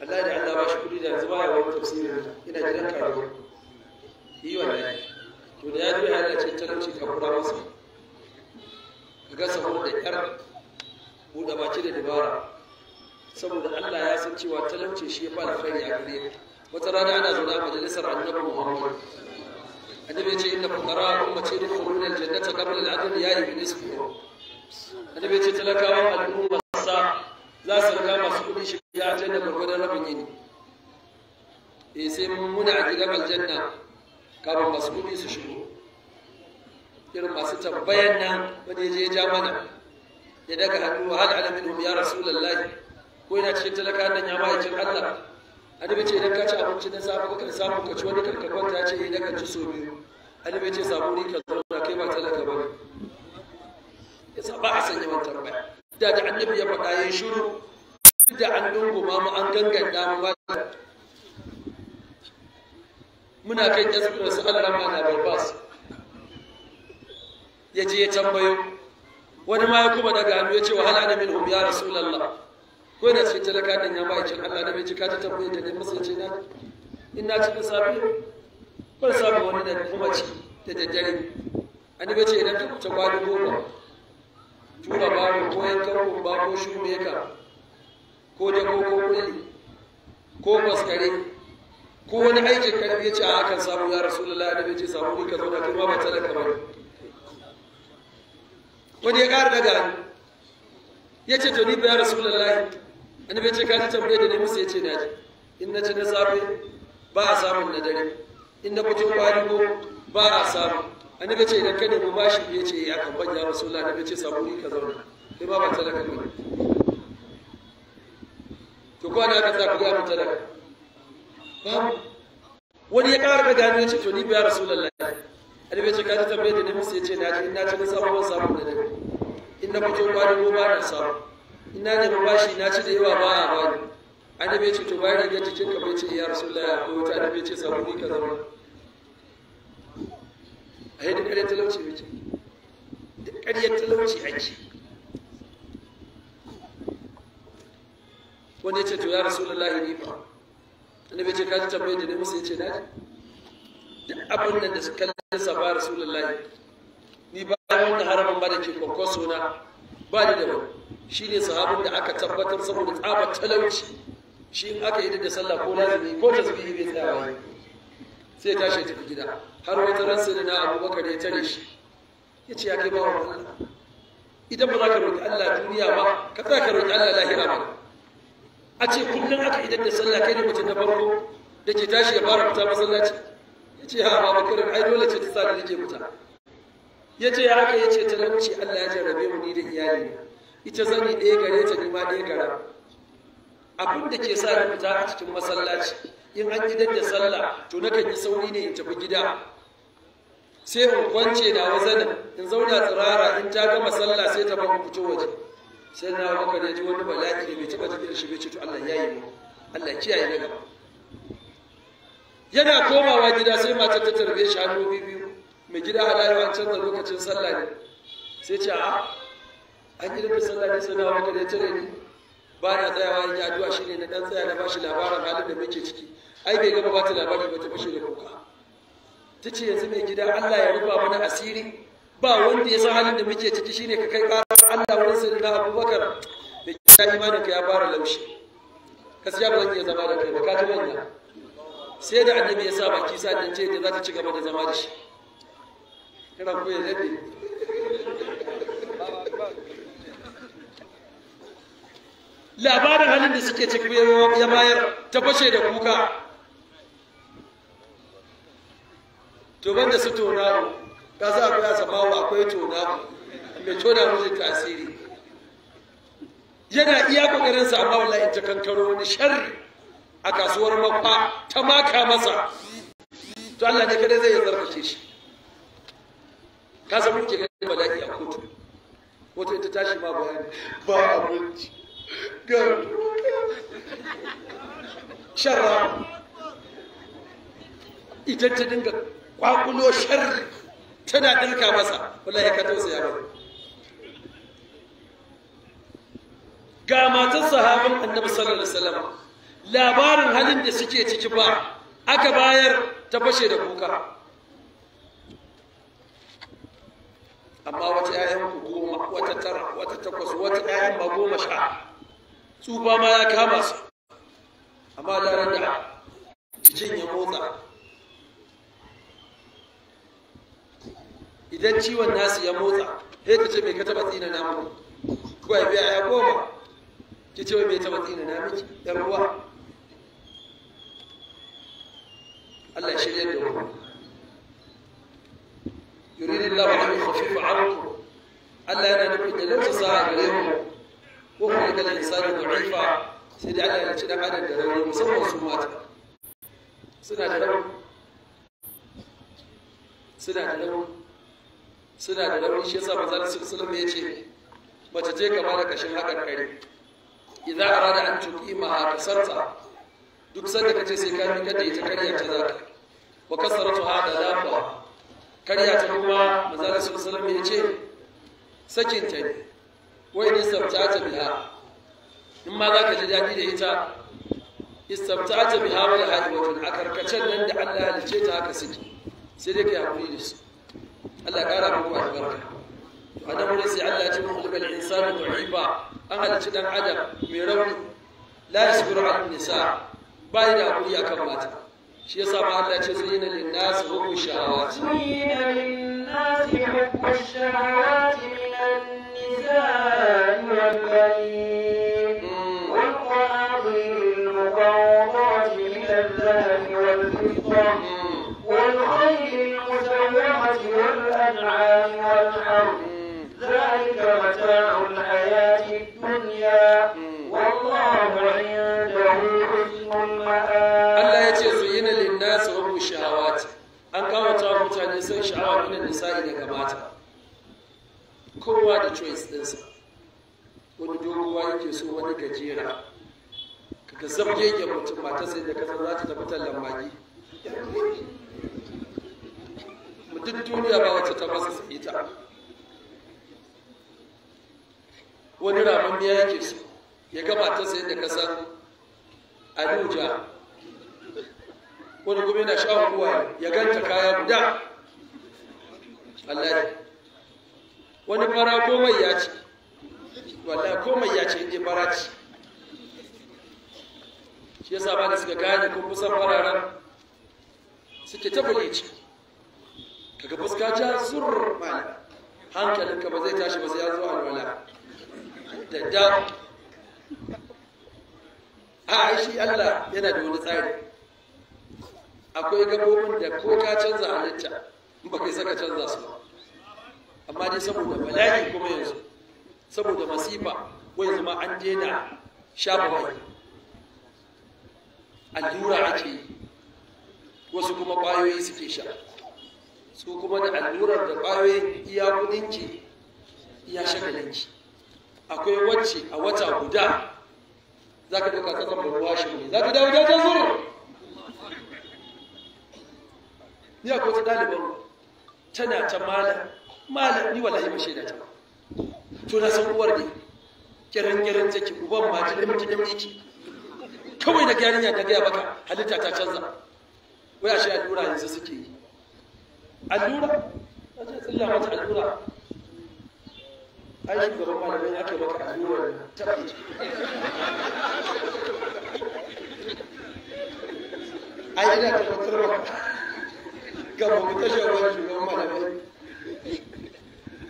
Allah da Allah ba shi kudi da yanzu baya wani tafsiri ina gidan karuwa yi wallahi to da ya ji ya ce talauci ka kura masa ka gasa wani da yar buɗe baki da dabara saboda Allah ya san cewa talauci shi ya ba alkhairi a gare wata rana ana zaune a majalisar annabi Muhammad annabi ya ce inna fuqara ummati yadkhuluna aljannata qabla al-adl ya ibn isfu annabi ya ce talakawa al'umma za su rika masu kuɗin shiga aljanna gwargwadon rabin yini eh sai mun muna a gidan aljanna kafin masu kuɗi su shigo irin masu tambayan nan wani ya je ja mana ya daga hannu wa hal alamin ya rasu, lallahi ko yana cikin talaka nan ya ma'aikin Allah annabi ce idan ka ci abinci na safe ka samu ka ci wani karkakon ta ce idan eh, ka ci so biyu annabi ce samu ni ka zauna kai ba talaka ba ne ya sa a sanya wani tambaya da da annabi ya faɗa ya shiru da an dunguma mu an ganganta mu ba muna kai zuwa su Allah na bas. ya je ya tambayo wani ma ya kuma daga hannu ya ce wahala na min hum ya rasulallah ko da ce talaka din ya ba cin Allah da bai ji ka ta tambaye da ne masa ce na in na cikin safi ko sabu wani da kuma ci da daddare annabi ce idan ta kuta kwali goma tura mu koyan tarko ba ko shumeka ko dako ko kulli ko maskare ko wani aikin karfi ce a kan samu ya da bai ce samu ne ka zauna kuma ba talaka ba wani ya ƙara daga ni? ya ce to ni ba ya rasulullah bai ce ka ta tambaye da nemi musu ya ce na ji in na ci na safe ba a samun na dare in na fito kwari ko ba a samun annabi ce idan ka nemi bashi ya ce ya ya rasu la annabi ce samu ni ka zauna kai ba ba talaka kai. to ko ana ka ku ga mu talaka babu wani ya ƙara daga ya ce to ni biya rasulullah annabi ce ka ji tambaye da nemi sai ce na ji ina ci na samu ban samu da ne in na fito ba ni ba na samu ina ne ba bashi na ci da yawa ba a bani annabi ce to bayan ya ce kin ka bai ce ya rasulullah ko ta annabi ce sabu ni ka zauna a yadda ƙaryar talauci muke duk ƙaryar talauci ake wanda ya ce to ya rasulullahi ni ba annabi ce ka ji tambayar da ne musu ya ce na duk abin nan da su kallon sa ba rasulullahi ni ba a yi wanda haramun ba da ke kwakwaso na ba ni da wani shi ne sahabin da aka tabbatar saboda tsabar talauci shi in aka yi da sallah ko lazimi ko tasbihi bai tsaya sai ya tashi ya tafi gida har wata ran da na bakar ya tare shi ya ce ya kai bawa Allah idan ba za ka roƙi Allah duniya ba ka za ka roƙi Allah lahira ba a ce kullum aka idan da sallah kai ne mutum na farko da ke tashi ya fara fita masallaci ya ce ya ba bakar ai dole ce ta sa da nake fita ya ce haka ya ce talauci Allah ya jarrabe mu ni da iyali ita zani ɗaya gare ta ni ma ɗaya gara abin da ke sa ni fita a cikin masallaci in an gidan da sallah to na kan yi sauri ne in tafi gida sai in kwance na wazanin in zauna tsirara in ta gama sallah sai ta ban fito waje sai na maka ne ji wani bala'i da bai taba jin shi bai ce to Allah ya yi mu Allah kiyaye na gaba yana komawa gida sai matar ta tarbe shi hannu biyu mai gida wancan da lokacin sallah ne sai ce a an gidan da sallah ne sai na maka da tare ni ba na tsayawa in yi addu'a shine na dan tsaya na bashi labarin halin da muke ciki ai bai gama ta labarin ba ta fashe da kuka ta ce yanzu mai gida Allah ya rufa mana asiri ba wanda ya san halin da muke ciki shine ka kai ƙarar Allah wurin na Abubakar da ya imanin ka ya fara laushi gaskiya ba zan iya zama da kai ba ka ji na. sai da annabi ya sa baki sa dan ce da za ta ci gaba da zama da shi kana koyar da labarin halin da suke ciki ya bayar ta fashe da kuka to banda su tonaro ka za akwai asamawa akwai tonaro mai tona musu tasiri yana iya kokarinsa amma wallahi ta kankaro wani sharri a kasuwar makwa ta maka masa to Allah ne kada zai ya zarkace shi ka san muke ganin bala'i a kotu kotu ita tashi ma bayani ba abinci قال sharra ita ta dinga kwakulo sharri tana ɗinka masa wallahi ka tausaya ba ga matan sahabin annabi sallallahu alaihi wasallam labarin halin da suke ciki ba aka bayar ta fashe da kuka amma wata 'ya'yan goma wata tara wata takwas wata 'ya'yan ba goma sha tsufa ma ya kama su amma da ran da ya motsa idan ciwon nasu ya motsa sai ta ce mai kata batsi na mu kuwa biya ya goma ki ce mai ta batsi na namu yan ruwa Allah shirya da ku yuridillahu an yukhaffifa ankum Allah yana nufin da lokaci sa'a gare mu ko kuma ga insani da'ifa sai da Allah ya ci dan adam da rauni musamman su mata suna da rauni suna da rauni suna da rauni shi yasa manzo sallallahu alaihi wasallam ya ce mace ce kashin hakan kare idan arada an tuqima ha duk sanda kace sai ka mika da ita karya ta zaka wa kasaratu hada dafa karya ta kuma manzo sallallahu alaihi wasallam ya ce sakin ta ne wai ne sabtata biha in ma za ka ji daɗi da ita istabtata biha wal haibatun a karkacen nan da Allah ya halice ta haka suke sai dai kai hakuri da su Allah ƙara muku albarka to adam wurin sai Allah ce mun hulɓar insani da'ifa an halici dan adam mai rauni la yashkuru an nisa ba da hakuri akan mata shi yasa ma Allah ya ce zayyana lin nas hubbu shahawati zayyana lin nas hubbu shahawati an kawata mutane sun sha'awa minan nisa'i daga mata kowa da choice ɗinsa wani doguwa yake so wani gajera kaga zabgegen mutum mata sai da kasa za ta tafi tallan mutum duniya ba wacce ta masa ita wani ramin ramammiya yake so ya gaba ta sai da kasan abuja wani gumi na sha kuwa ya ganta kaya guda Allah wani fara komai ya ce wala komai ya ce inda fara ce shi yasa saba da suka gane kun kusan fararen suke ta ce kaga fuska ta zur hankalin hankalinka ba zai tashi ba sai ya zo alwala da da a shi Allah yana da wani tsari akwai gabobin da ko ka canza halitta in ba kai saka canza su ba amma dai saboda bala'i kuma yanzu saboda masifa wai zama an daina shafa mai allura ake yi wasu kuma ƙwayoyi suke sha su kuma da allurar da ƙwayoyi iya kudinci iya shagalinci akwai wacce a wata guda za ka duka tsakan babuwa shi ne za ka dawo da ta zuru ni akwai wata ɗaliban tana ta malam malam ni wallahi ba da ta to na san uwar ne kiran kiran take uban ma ji limti limti ki kawai da yarinya ta gaya baka halitta ta canza wai a shi allura yanzu suke yi allura ta ce tsilla mata allura ai shugaban malamai ake maka allura ta fice ai ina tabbatar maka ga mu wani shugaban malamai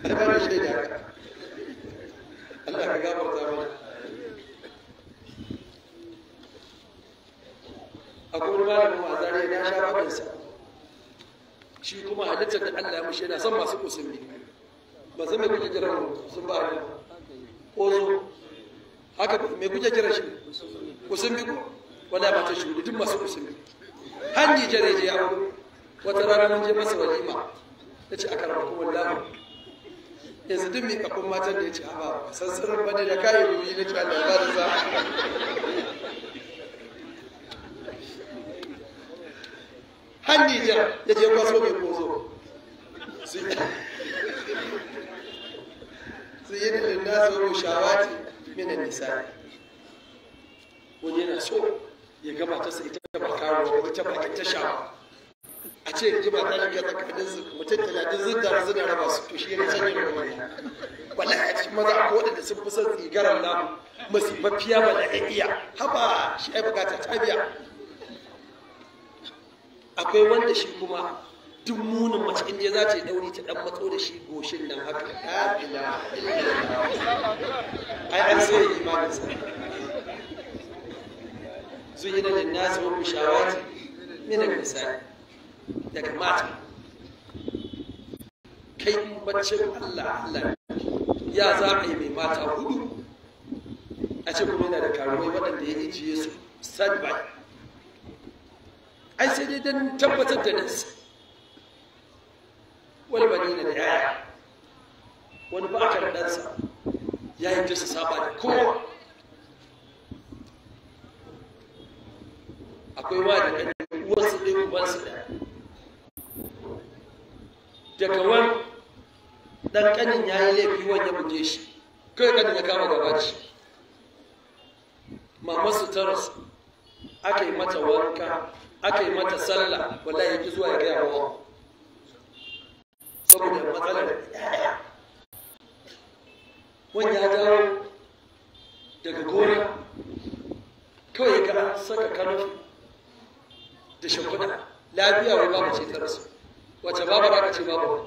ya fara shi da haka Allah ka ya da ne wata rana mun je masa walima ta ce a karɓar kuma yanzu duk mai kafin matan da ya ce haba sassanin bane da kayi yi na ce Allah ya da za har Nijar ya je kwaso mai kozo su yi da nasu shawati minan nisa wani yana so ya gabata sai ta bakawa kawo ita ba ta shawa a ce ba ta rike tsakanin su mutum talatin zirga suna raba su to shi ne sanya da wani wala a cikin maza ko waɗanda sun fi son tsigaran masu mafiya ba da iya haba shi ai bukata ta biya akwai wanda shi kuma duk munin mace in je za ta yi ɗauri ta ɗan matso da shi goshin nan haka ya ila ai an sai imanin sa zuyina lin nasi wa mushawati minan misali daga mata kai macin Allah Allah ya za a yi mai mata hudu a ce kuma yana da karuwai waɗanda ya ijiye su sadbai ai sai dai don tabbatar da nasi wani bane na da yaya wani ba aka da ɗansa ya yi jinsa saba da kowa akwai wa da ɗan uwarsa ɗin ubansa da. daga wani dan kanin ya yi laifi wani ya buge shi kai kanin ya kama gabaci Mama su taras aka yi mata wanka aka yi mata sallah wanda ya ki zuwa ya gaya wa saboda matsalar wani ya dawo daga gona kawai ga saka kanofi da shakuna lafiya wani babu ce ta rasu wace babu aka ce babu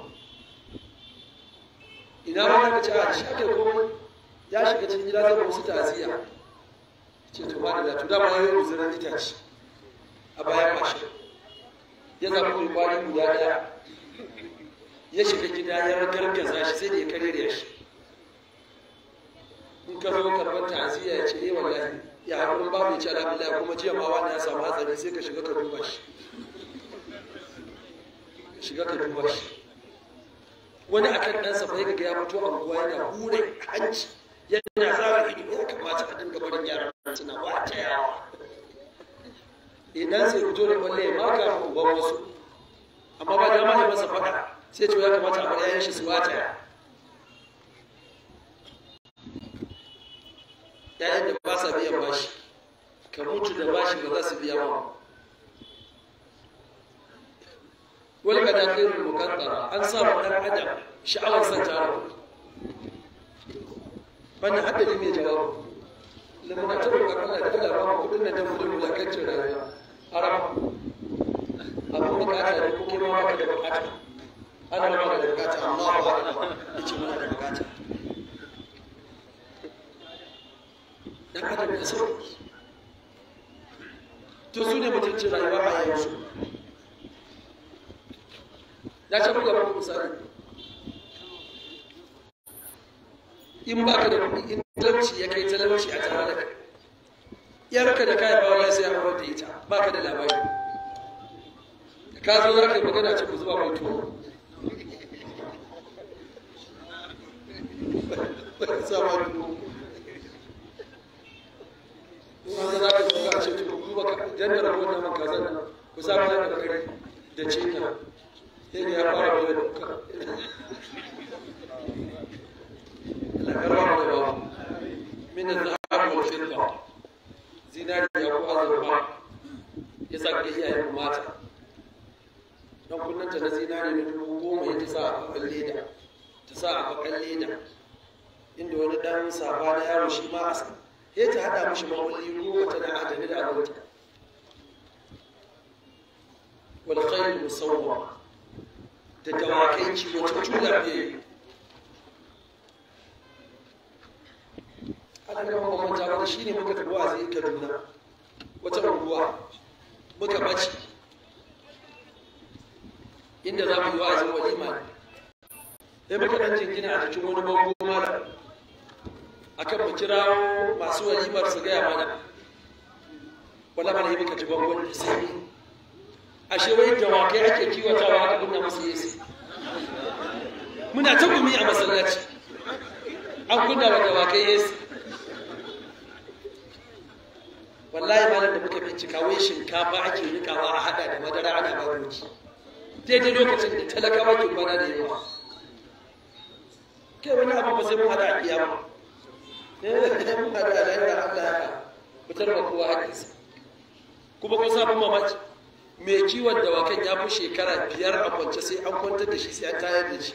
ina ma aka ce a shafe komai ya shiga cikin gida zama wasu taziya ce to ba da to da ma yayin uzurin itace a bayan mashi ya zama kwari guda daya ya shiga gida ya za shi sai da ya karere shi in ka zo karɓar taziya ya ce eh wallahi ya haɗu babu ya ce alhamdulillah kuma jiya ma wani ya samu hatsari sai ka shiga ka duba shi shiga ka duba shi wani akan ɗansa fa ga ya fito ruwa yana hure hanci yana zawa ido ya kamata a dinga barin yaran suna ba ta yawa idan sai fito ne wanda ya maka ba wasu amma ba dama ne masa faɗa sai ce ya kamata a bar yayan shi su ba ta yawa ‘ya'yan da ba sa biyan bashi ka mutu da bashi ba za su biya ba wal qanatir ansa an sa wa dan adam sha'awar san taro wannan haddadi mai jawabu lamuna ta roƙa Allah da Allah ba mu kudin nan da mu dun mulakancin rayuwa haram abin bukata ne ko ma da bukata ana ma da bukata ne mutuncin rayuwa a yanzu na ta buga muku misali in ba ka da kuɗi in talauci ya kai talauci a tare da kai yarka da kayan bawa ya sai a da ita ba ka da labari da ka zo za ka yi magana ce ku zuba ba. mai tuwo wanda za ka zuba a ce tuwo ku zuba ka jannar wannan man kazan ku sa mana da kai da cikin إن يقرأ منك الأكرام من الذهب والفضة زناد يقوى الرمى يساق إياه المات don kullum ta na zinari na dubu goma ya ta sa a bakan leda ta sa a bakan leda inda wani dan saba na yaro shi ma asa ya ta hada mishi mawalli ruwa ta na adani da abinci wal khairu musawwa da dawakai kiwatattu da biyayi an gama kwamanta wani shi ne muka karuwa zai kaduna wata unguwa muka ɓace inda za mu yi wa'azin walima ne sai muka ɗan jingina a cikin wani bango mara akan mu kirawo masu walimar su gaya mana wala mana yi muka ji bangon sai ashe wai dawakai ake kiwatawa aka kunna masu Yesu. muna ta gumi a masallaci an kunna wa dawakai yesu wallahi malam da muka bincika wai shinkafa ake nikawa a hada da madara ana ba doki daidai lokacin da talakawa ke kwana da yawa kai wani abu ba sai mun hada a kiyama ne eh, mun hada da Allah ya fitar da kowa hakkinsa kuma ko sabon mun mamaci mai kiwon dawakan ya fi shekara biyar a kwance sai an kwantar da shi sai an tayar da shi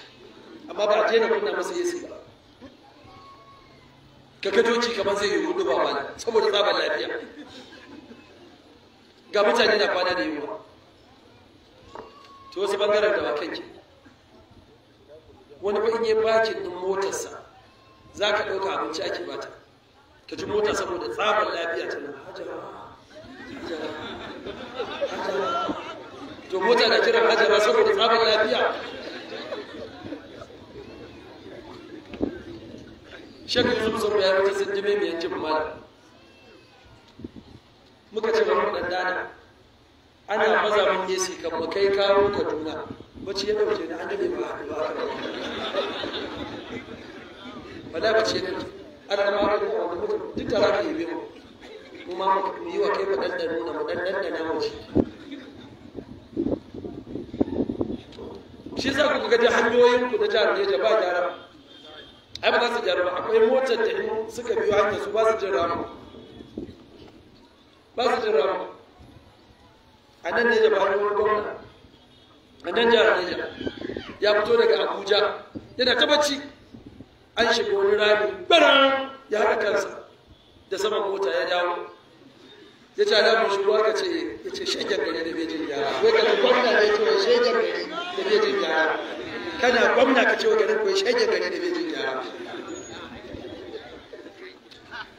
amma ba a je na kunna masa yasi ba kakatoci kamar zai yi hudu ba bani saboda tsabar lafiya ga mutane na kwana da yiwuwa to wasu bangaren dawakan ke wani ba in yi bakin ɗin motarsa za ka ɗauka abinci ake bata ka ji mota saboda tsabar lafiya ta nan to mota na kiran hajara saboda tsabar lafiya shek yusuf sau ya wata sun mai yankin malam muka ce wa dana ana maza mun yi sai kan kai kawo kaduna bacci ya dauke da an dade ba a ba da wala bacci ya dauke ana ma da mutum duk da yi biyu kuma mu yi wa kai mu na mu na mu shi za ku gaji hanyoyin ku na jihar Neja ba gyara ai ba za su gyara ba akwai motar da suka biyo hanyar su ba su jin ramu ba su jin ramu a nan Neja ba wani gwamna a nan jihar Neja ya fito daga Abuja yana ta bacci an shiga wani rami baran ya haka kansa da sama mota ya dawo ya ce alamun shi ruwa ka ce ya ce shagen gari da bejin jin gyara wai ka gwamna da ya ce wai shagen gari da bai jin gyara kana gwamna ka ce wa garin kuwa shagen gari da bai jin gyara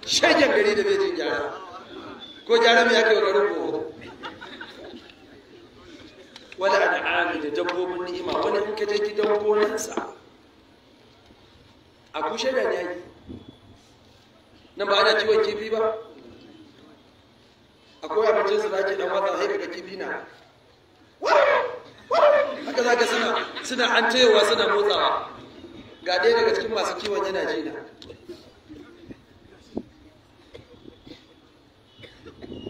shagen gari da bai jin gyara ko gyara mai ake wa garin ko wani al'ami da dabbobin ni'ima wani in ka je gidan gonansa a kushe da yayi nan ba ana kiwon kifi ba akwai abincin su da ake dan wata haika da kifi na haka za ka suna suna an cewa suna motsawa ga ɗaya daga cikin masu kiwon yana jina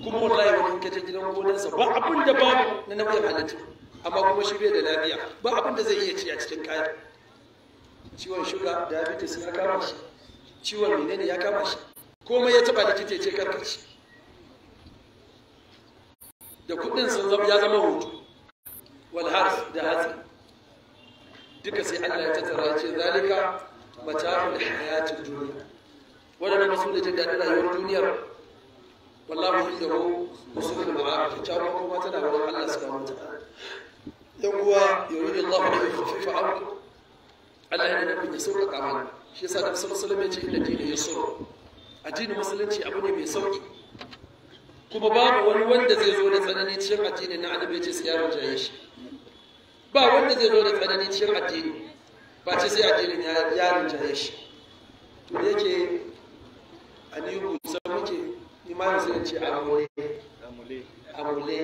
kuma wallahi wani kace gidan gonansa ba abin da babu na nauyin halitta amma kuma shi bai da lafiya ba abin da zai iya ci a cikin kayan ciwon shuga diabetes ya kama shi ciwon menene ya kama shi komai ya taba likita ya ce shi. da kudin sun zama ya zama hutu wal harf da hatsi duka sai Allah ya tattara ce zalika mata'ul hayatid dunya wannan wasu da jin dadin rayuwar duniyar wallahu indahu usulul ma'arif ta ko kuma tana wurin Allah subhanahu wa ta'ala yan uwa Allah ya ya shi yasa da sallallahu alaihi wasallam ya ce inna dinu addinin musulunci abu ne mai sauƙi kuma babu wani wanda zai zo da tsanani cikin addinin na annabi ya ce sai ya shi با ون دي دوله بدني شي عدين با تي سي عدين يا يا نجهش تو يجي اديو سموكي نيمان سي تي امولي امولي امولي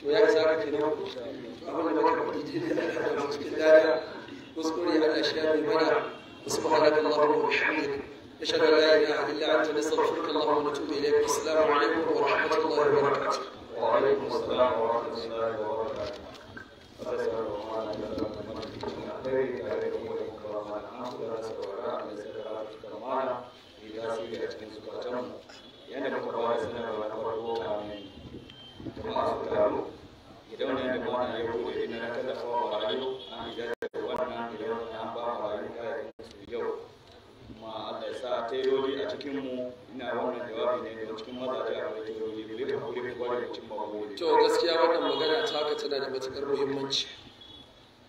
تو يا سارا كينو اول ما كنتي تسكري على الاشياء بالبدا سبحانك اللهم وبحمدك اشهد ان لا اله الا انت نستغفرك اللهم ونتوب اليك السلام عليكم ورحمه الله وبركاته وعليكم السلام ورحمه الله وبركاته Allah ya rabu mana da zama mana mu da muka ba mana yi taro idan ne wannan idan an yau kuma a cikin mu ina wannan da cimma buri to gaskiya wannan magana ta haka tana da matukar muhimmanci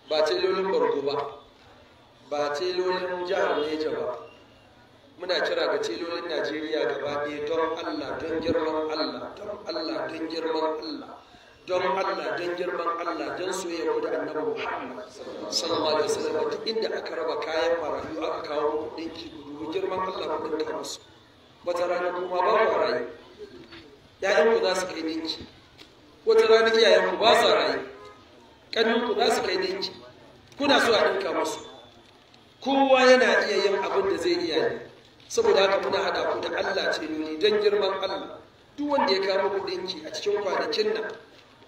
ba telolin bargo ba ba telolin jihar neja ba muna kira ga telolin najeriya gaba ɗaya don allah don girman allah don allah don girman allah don Allah don girman Allah don soyayya ku da annabi Muhammad sallallahu alaihi wasallam duk inda aka raba kayan marayu aka kawo ɗinki dinki ku girman Allah ku dinka musu wata rana kuma ba marayu ‘ya'yanku za su kai ninki wata rana iyayenku ba sa rayu ƙanninku za su kai ninki kuna so a ɗinka musu kowa yana iya yin abin da zai iya yi saboda haka muna haɗa ku da Allah ce nuni don girman Allah duk wanda ya kama ku ɗinki a cikin kwanakin nan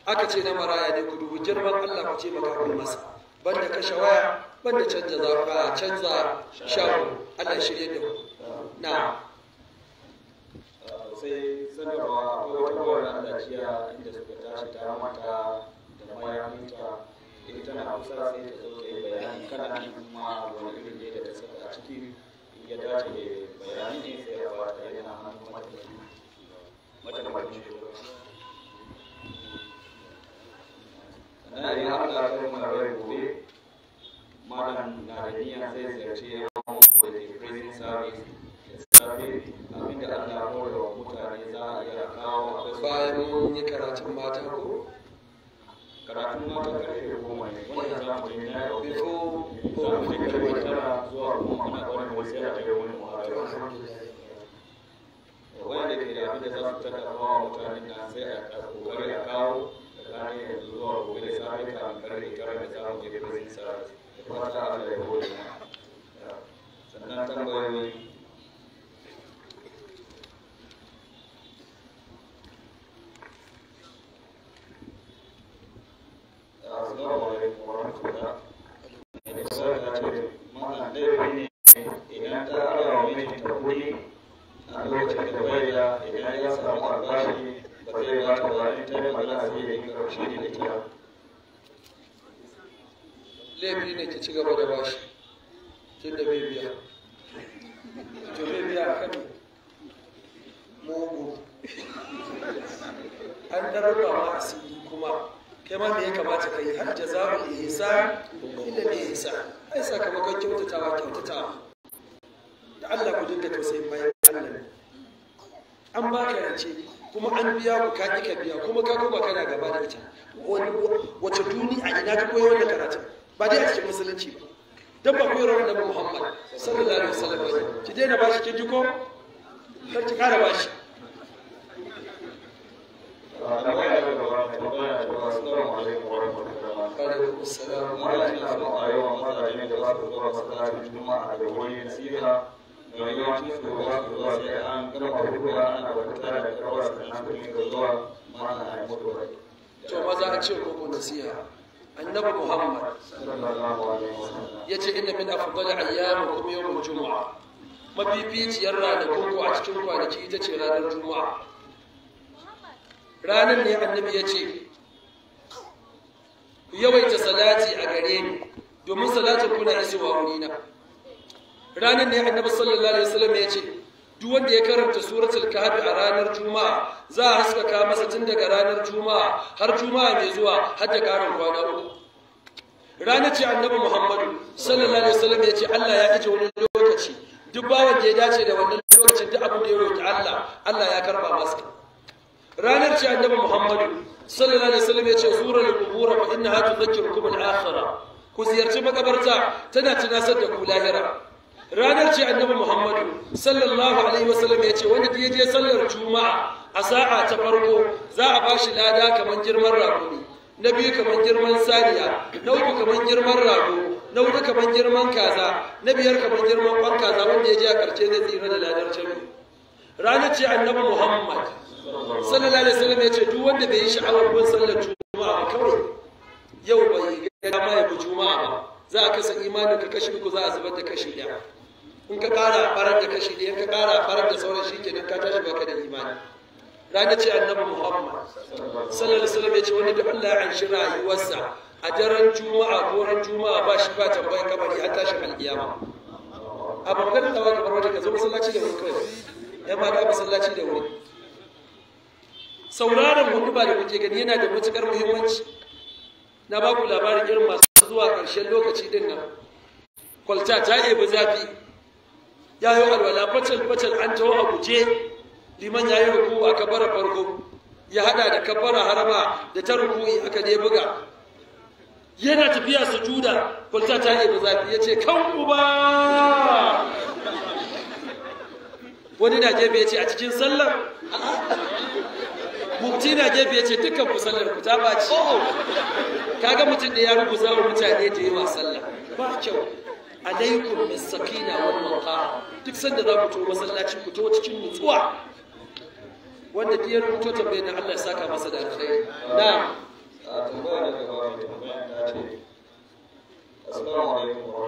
aka ce na maraya ne ku dubu girman Allah ku ce maka masa banda kashe waya banda canza canza shago Allah shirye da ku na'am sai sanarwa akwai wata bawar da jiya inda suka tashi ta mata da mayaminta in tana kusa sai ta zo ta yi bayani kana nan kuma wani irin ne da ta saka a ciki in ya dace da bayani ne sai a ba yana hannun mata da mace sannan idan Allah ya kai mana rai gobe malam na da niyya sai ziyarci yawon da ke prison service abinda Allah hore wa mutane za a iya kawo bayan mun yi karatun mata ko karatun mata karfe goma ne za mu yi na yau ko mu yi karfe tara zuwa goma muna wani muhara wanda ke da abinda za su wa mutane na sai a kokari a kawo yanzu zuwa gobe da safe karfe tara da za mu je da fata Allah ya sannan tambayoyi ba shi ne nake haka laifi ne ki ci gaba da bashi kin da bai biya to bai biya kan mugu an daraba ma asiri kuma kai ma me ya kamata kai har jaza'u ihsan illa bi ihsan ai sakamakon kyautatawa kyautatawa da Allah ku dinga tausayin bayan Allah an baka yace kuma an biya ku ka ka biya kuma ka koma kana gaba da ita wace duniya ina ka koyi wannan karatun ba dai a cikin musulunci ba dan ba koyar wannan Muhammad sallallahu alaihi wasallam ba ki daina ba shi kiji ko kar ki kara bashi Assalamu alaikum wa rahmatullahi wa barakatuh. domin sai an zuwa mutu to maza a ce ko nasiha annabi muhammad ya ce inna min afdali ayyamikum yawmul jumu'a mafificiyar ranakun ku a cikin kwanaki ita ce ranar juma'a ranar ne annabi ya ce ku yawaita salati a gare ni domin salatin kuna isowa wurina ranar ne annabi sallallahu alaihi wasallam ya ce duk wanda ya karanta suratul kahfi a ranar juma'a za a haskaka masa tun daga ranar juma'a har juma'a mai zuwa har da karin kwana uku ranar ce annabi muhammadu sallallahu alaihi wasallam ya ce Allah ya ije wani lokaci duk bawan da ya dace da wannan lokaci duk abin da ya roki Allah Allah ya karba masa ranar ce annabi muhammadu sallallahu alaihi wasallam ya ce suratul qubur fa innaha tudhakkirukum al-akhirah ku ziyarci makabarta tana tunasar da ku lahira ranar ce annabi muhammadu sallallahu alaihi wasallam ya ce wanda ya je sallar juma'a a sa'a ta farko za a ba shi lada kamar girman rago na biyu kamar girman saniya na uku kamar girman rago na hudu kamar girman kaza na biyar kamar girman kwan kaza wanda ya je a karshe zai tsira da ladar jami'i ranar ce annabi muhammad sallallahu alaihi wasallam ya ce duk wanda bai yi sha'awar bin sallar juma'a ba kawai yau bai ga dama ya bi juma'a ba za a kasa imanin ka kashe ku za a zubar da kashi daya in ka kara farar da kashi ɗaya ka kara farar da sauran shi kenan ka tashi baka da imani rana ce annabi muhammad sallallahu alaihi wasallam ya ce wanda da Allah ya anshi rayuwarsa a daren juma'a ko ran juma'a ba shi ba tambayar kabari an tashi alkiyama a babban da kamar wata ka zo masallaci da wuri kawai ya ma da masallaci da wuri sauraron hudu ba da kuke gani yana da matuƙar muhimmanci na ba ku labarin irin masu zuwa ƙarshen lokaci din nan kwalta ta yi zafi ya yi alwala facal facal an taho a guje liman ya yi ruku a kabara farko ya hada da kabara harama da ta ruku'i aka ne buga yana tafiya su juda kwalta ta yi zafi ya ce kan uba wani na gefe ya ce a cikin sallar mukti na gefe ya ce dukkan ku sallar ku ta baci kaga mutum da ya rubuta wa mutane da yawa sallah ba kyau alaikum bis sakina wal waqa duk sanda za ku to masallacin ku to cikin nutsuwa wanda duk ya rubuto tambayar na Allah ya saka masa da alkhairi na'am assalamu alaikum wa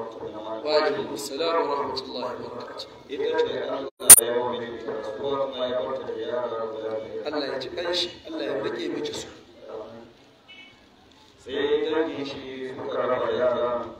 rahmatullahi wa barakatuh ita ce Allah ya kuma da Allah ya ji kanshi Allah ya rike miki su sai dangi shi suka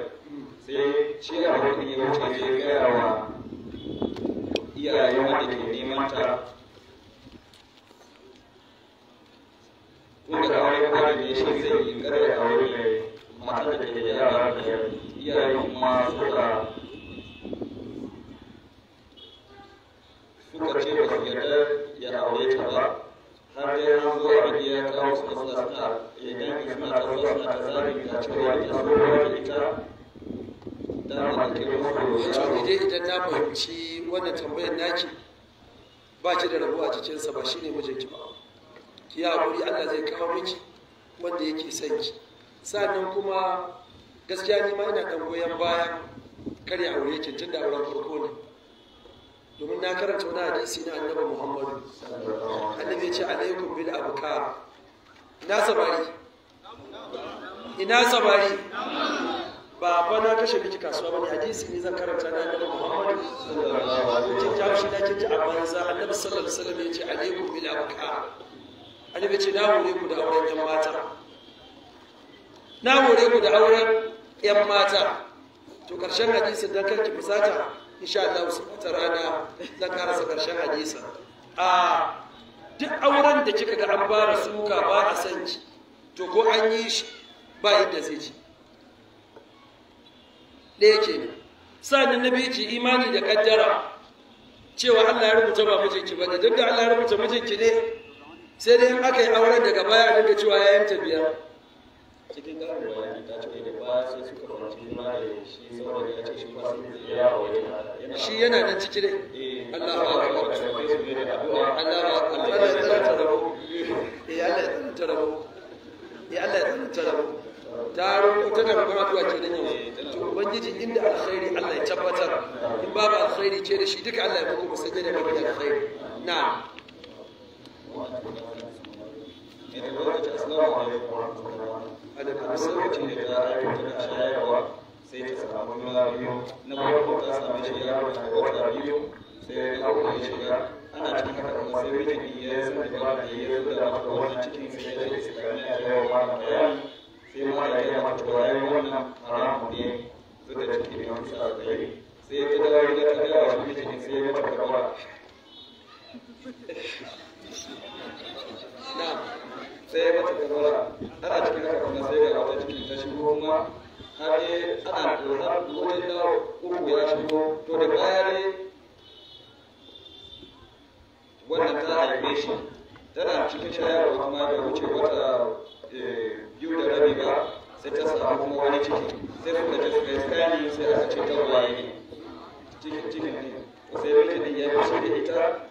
gaskiya ni ma ina ɗan goyon baya kare aure ce tun da auren farko ne domin na karanta wani hadisi na annabi muhammadu annabi ya ce alaikum bil abkar ina sabari ina sabari ba ba na kashe biki kasuwa bane hadisi ne zan karanta na annabi Muhammad kin ja shi da kin ji a banza annabi sallallahu alaihi wasallam ce, alaikum bil abka annabi ce na hore ku da auren yan mata na hore ku da auren 'yan mata to ƙarshen hadisi don ki fusata sha Allah su fita rana na karasa ƙarshen hadisa a duk auren da kika ga an fara suka ba a san ji to ko an yi shi ba yadda zai ji ɗaya ke ne sa'adin na biyu ki imani da ƙaddara cewa Allah ya rubuta ba mijinki ba ne duk da Allah ya rubuta mijinki ne sai dai in aka yi auren daga baya a cewa ya yanta biyar cikin garuwa ya ta ce da baya sai suka kwanci nuna da shi saboda ya ce shi ba sai ya waje shi yana nan ciki dai eh, Allahu akbar Allahu ba, Allah ya tsara rabo ya Allah ya tsara rabo ya Allah ya tsara eh, rabo ta rubuta da kuma addu'a ce nan yau eh, to ubangiji inda alkhairi Allah ya tabbatar in babu alkhairi ce da shi duka Allah ya bugu musajjada da alkhairi na'am assalamu alaikum wa rahmatullahi wa barakatuh adaka masarauci da aka tana shayarwa sai ta samu juna biyu na farko ta sami shi yaro na wata biyu sai ya kawo ya ana cikin haka kuma sai mijin ya san da ba da ya zo da maka wani cikin sai ya ce sai ya yi wa mana bayani sai ma ya yi mata bayani wannan ne zuwa ciki ne wani sa'a kai sai ya ta ta gaya wa mijin sai ya mata kaba sai ya mata gabara ana cikin haka kuma sai ga wata ciki ta shigo kuma har dai ana tsoron wajen na uku ya shigo to da baya ne wannan ta haife shi tana cikin shayarwa kuma bai wuce wata eh, biyu da rabi ba sai ta samu kuma wani ciki sai suka je suka yi tsani sai aka ce ta waye ne cikin cikin ne sai mutum ya fi da ita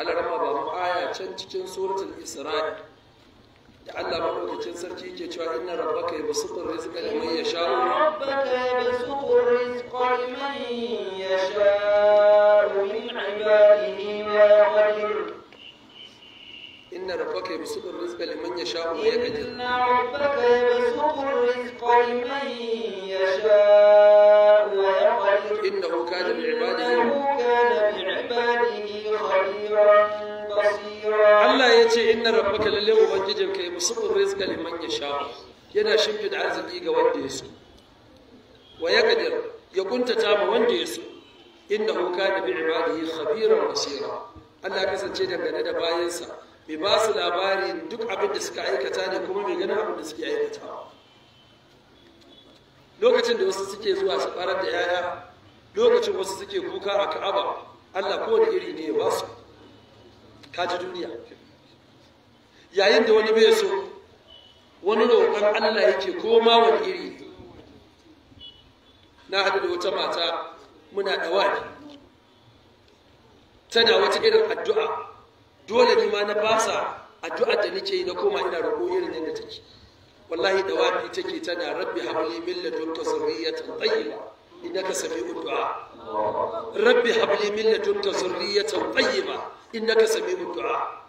Allah rama ba mu aya can cikin suratul Isra'i da Allah madaukakin sarki yake cewa inna rabbaka yabsutur rizqa liman yasha rabbaka yabsutur rizqa liman yasha min ibadihi wa yaqdir إن ربك يبسط الرزق لمن يشاء ويقدر إن ربك يبسط الرزق لمن يشاء ويقدر إنه كان بعباده إنه كان بعباده خبيرا بصيرا الله يتي إن ربك للي وبنججك يبسط الرزق لمن يشاء yana shimfida arziki ga wanda ya so wa ya gadir ya kuntata ma wanda ya so innahu kana bi ibadihi khabiran basira Allah kasance dangane da bayansa mai ba su labari duk abin da suka aikata ne kuma mai ganin abin da suke aikata lokacin da wasu suke zuwa su farar da yaya lokacin wasu suke kuka a ka'aba allah kowane iri ne ya ba su kaji duniya yayin da wani bai so wani roƙon allah yake koma wani iri na haɗu da wata mata muna ɗawa tana wata irin addu'a dole ne ma na fasa addu'a da nake yi na koma ina roƙo irin yadda take wallahi dawabi take tana rabbi habli min ta zurriyatan tayyiba innaka sami'ud du'a rabbi habli min ta zurriyatan tayyiba innaka sami'ud du'a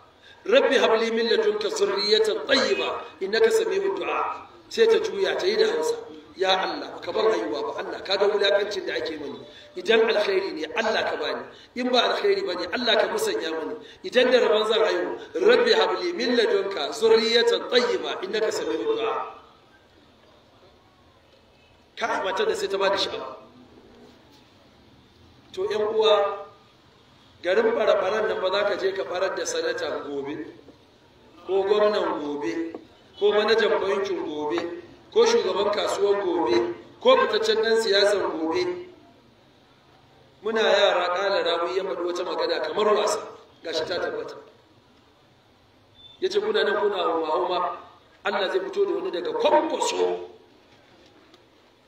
rabbi habli min ta zurriyatan tayyiba innaka sami'ud du'a sai ta juya ta yi da hansa ya Allah ka bar rayuwa ba Allah ka ga wulakancin da ake mani idan alkhairi ne Allah ka bani in ba alkhairi bane Allah ka musanya mani idan da rabon zan rayu rabbi habli min ladunka zurriyatan tayyiba innaka samiul du'a ka mata da sai ta bada sha'awa to ƴan uwa garin farafaran nan ba za ka je ka farar da sanata gobe ko gwamnan gobe ko manajan bankin gobe ko shugaban kasuwar gobe ko fitaccen ɗan siyasar gobe muna yara ƙala ramu ya faɗi wata magana kamar wasa ga shi ta tabbata ya ce kuna nan kuna hauma allah zai fito da wani daga kwankwaso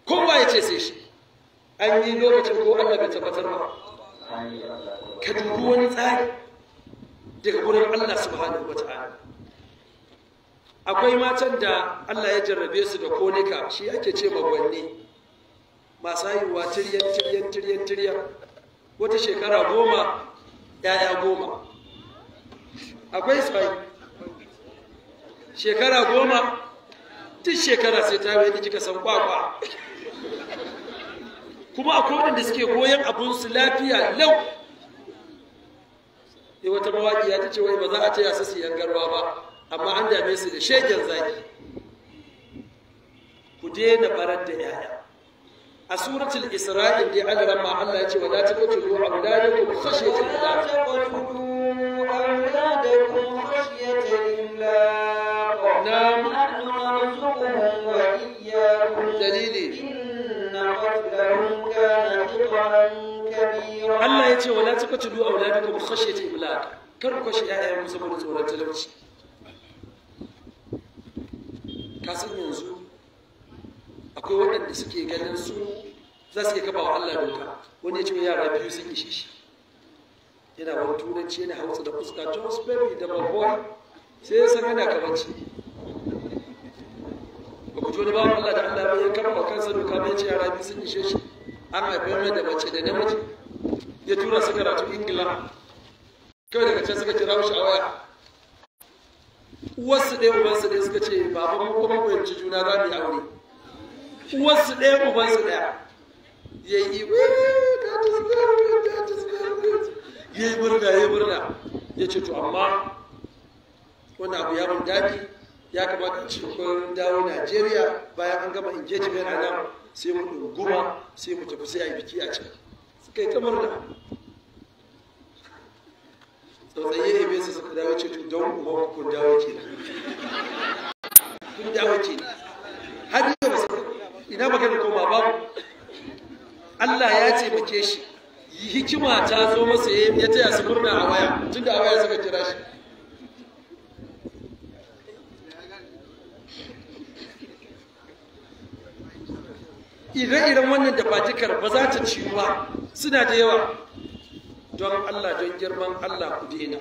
kowa ya ce sai shi an yi lokacin ko allah bai tabbatar ba ka dubi wani tsari daga wurin allah subhanahu wa ta'ala akwai matan da Allah ya jarrabe su da konika shi ake ce magwanni masu haihuwa tiryan tiryan tiryan tiryan wata shekara goma ‘ya'ya goma akwai sai shekara goma tun shekara sai ta yi kika san kwakwa kuma akwai waɗanda suke goyon su lafiya lau eh, wata mawaƙiya ta ce wai ba za a ce ya su siyan garwa ba amma an dame su da shegen zaki ku daina barar da yaya a suratul isra'il dai an rama Allah ya ce wala taqtulu awladakum khashyata imlaq awladakum khashyata imlaq nam nahnu narzuquhum wa iyyakum dalili inna qatlahum kana khitran kabira Allah ya ce wala taqtulu awladakum khashyata imlaq kar ku kashe ƴaƴan mu saboda tsoron talauci ka san yanzu akwai waɗanda suke ganin su za su iya kafa wa Allah doka wani ya ce yara biyu sun ishe shi yana wani turanci yana hausa da fuska jos baby da baboy sai ya san yana kabanci ba ku wani bawan Allah da Allah bai ya wa kansa doka bai ce yara biyu sun ishe shi an haife mai da mace da namiji ya tura su karatu ingila kawai daga can suka kira shi a waya uwarsu ɗaya ubansu ɗaya suka ce baban ba ko kuyanci juna za mu yi aure uwarsu ɗaya ubansu ɗaya ya yi ya yi murna ya yi murna ya ce to amma wannan abu ya mun daɗi ya kamata ci kun dawo Najeriya bayan an gama engagement a nan sai mu ɗunguma sai mu tafi sai a yi biki a can suka yi ta murna tsautsayi ya ibe su suka dawo ce to don kuma ku dawo ke kun dawo ke har yau ba su ina ba kai koma babu Allah ya ce muke shi hikima ta zo masa ya taya su murna a waya tun da a waya suka kira shi ire-iren wannan da ba ba za ta ciwa suna da yawa don Allah don girman Allah ku daina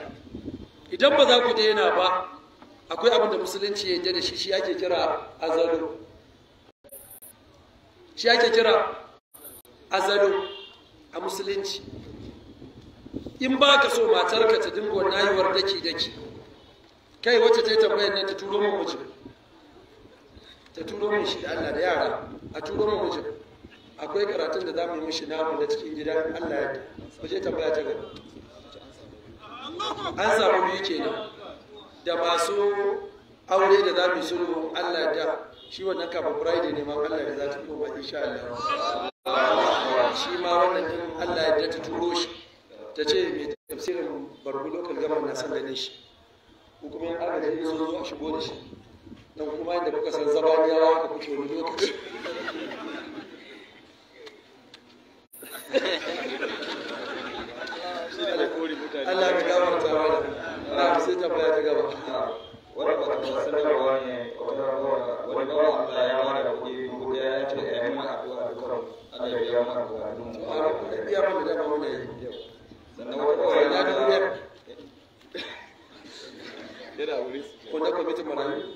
idan ba za ku daina ba akwai abin da musulunci ya da shi shi ake kira azalu shi ake kira azalu a musulunci in ba ka so matarka ta dinga nayuwar daki daki kai wacce ta yi tambayar nan ta turo min mijin ta turo min shi da Allah da yara a turo min mijin akwai karatun da za mu yi mishi namu da cikin gidan Allah ya ku je tambaya ta gaba an samu biyu kenan da masu aure da za mu sulhu Allah da shi wannan kafa friday ne ma Allah ya za ta koma insha Allah shi ma wannan din Allah ya ta turo shi ta ce mai tafsirin barbu lokal gaba na san gane shi hukumin agaji ne zo a shigo da shi dan kuma inda kuka san zabaniyawa ka kuke wani lokaci <laughs> Allah ka gafarta mana na sai ta gaba wani ba ta sanarwa ne wani ba wanda ya mara da kuɗi ko ya ce ya yi mana addu'a duka Allah ya ku da biya mana da mu ne sannan wani kawai na da wuri yana wuri ko na kwamitin marayu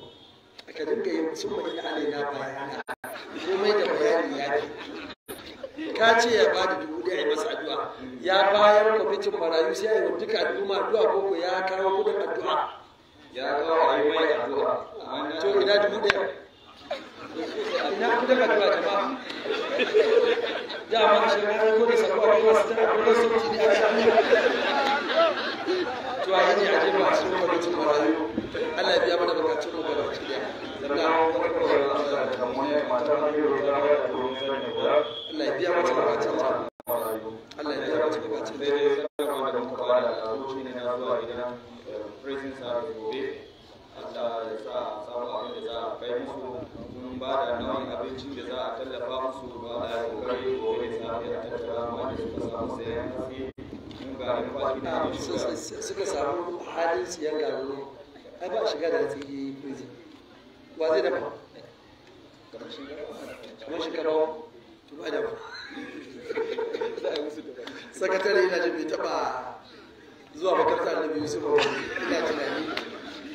ka dinga yin sun alaina bayana komai da bayani ya ka ce ya ba da dubu ɗaya masa addu'a ya bayar kwamitin marayu sai ya yi duka addu'a addu'a ko ko ya kawo kudin addu'a ya kawo a yi mai addu'a to ina dubu ɗaya ina kudin addu'a jama'a ma a shekarar ko da sabuwa a kuma tara ko wasu sauti ne a shekarar to a yi ne a jefa a cikin kwamitin marayu Allah ya biya mana bukatun mu gaba ki daya Allah ya biya mata bukatun ta da za a da abincin da za tallafa musu ba da kokari gobe suka samu halin siyan gano ai ba shiga da tsiri prison wa zai dafa kamar shinkafa to ba dafa za a sakatare yana jin bai taba zuwa makarta da biyu su ina tunani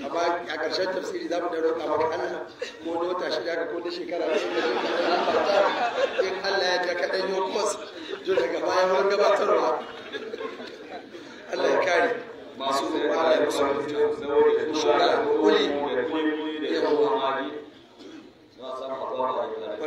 amma a ƙarshen tafsiri za mu da roƙa maka Allah ko na wata shida ka ko na shekara da suka da albarka in Allah ya ja kaɗan yau kwas jo daga bayan wani gabatarwa Allah ya kare masu zuwa ya musu mutu da wuri ya shugaba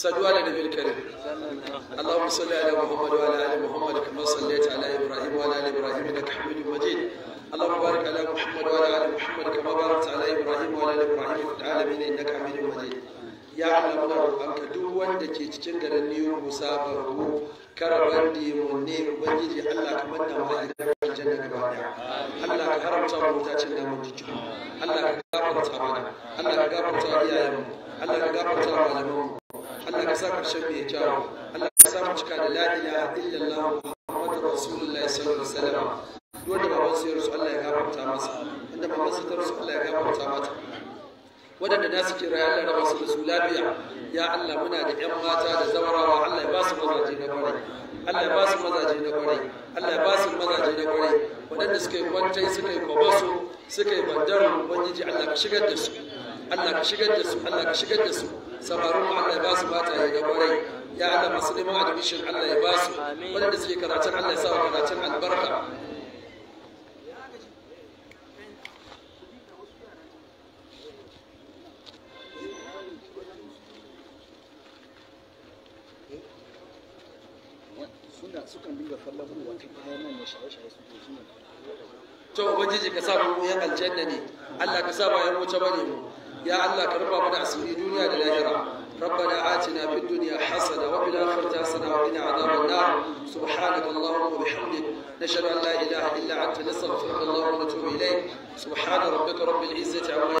Saduwa da Nabi Al-Karim. Allahun Musulmi ala Muhammadu Muhammadu wa ala Muhammadu ala Muhammadu kuma ala Ibrahim wa ala Ibrahim da Alamini da Kahmudu Majid. ya Allah muna roƙonka duk wanda ke cikin garin Niyu Musa Barbu karaban da mu ne ubangiji Allah ka manna mu a gidan aljanna gaba daya Allah ka haramta mu ta mutacin da mun jiki Allah ka gafarta mana Allah ka gafarta iyayen mu Allah ka gafarta malaman mu Allah ka sa karshen mai kyau Allah ka sa mu cika da la ilaha illallah Muhammadur Rasulullah sallallahu alaihi wasallam duk wanda baban sa ya rasu Allah ya gafarta masa wanda baban sa ta rasu Allah ya gafarta mata waɗanda nasu kira ya raba su da su lafiya ya Allah muna da ƴan mata da zawarawa Allah ya ba su mazaje na kwarai Allah ya ba su mazaje na kwarai Allah ya ba su mazaje na kwarai waɗanda suka yi kwantai suka yi kwabasu suka yi bandaru ubangiji Allah ka shigar da su Allah ka shigar da su Allah ka shigar da su samarin mu Allah ya ba su mata mataye na kwarai ya Allah masu neman admission Allah ya ba su waɗanda suke karatun Allah ya sa karatun albarka suna sukan dinga kallon mu wata bayan manyan shaye-shaye su ke shi ne to ubangiji ka sa mu yan aljanna ne Allah ka sa ba yan wuce bane mu ya Allah ka rufa mu da asiri duniya da lahira ربنا آتنا في الدنيا حسنة وفي الآخرة حسنة وقنا عذاب النار سبحانك اللهم وبحمدك نشهد أن لا إله إلا أنت نستغفرك اللهم ونتوب إليك سبحان ربك رب العزة عما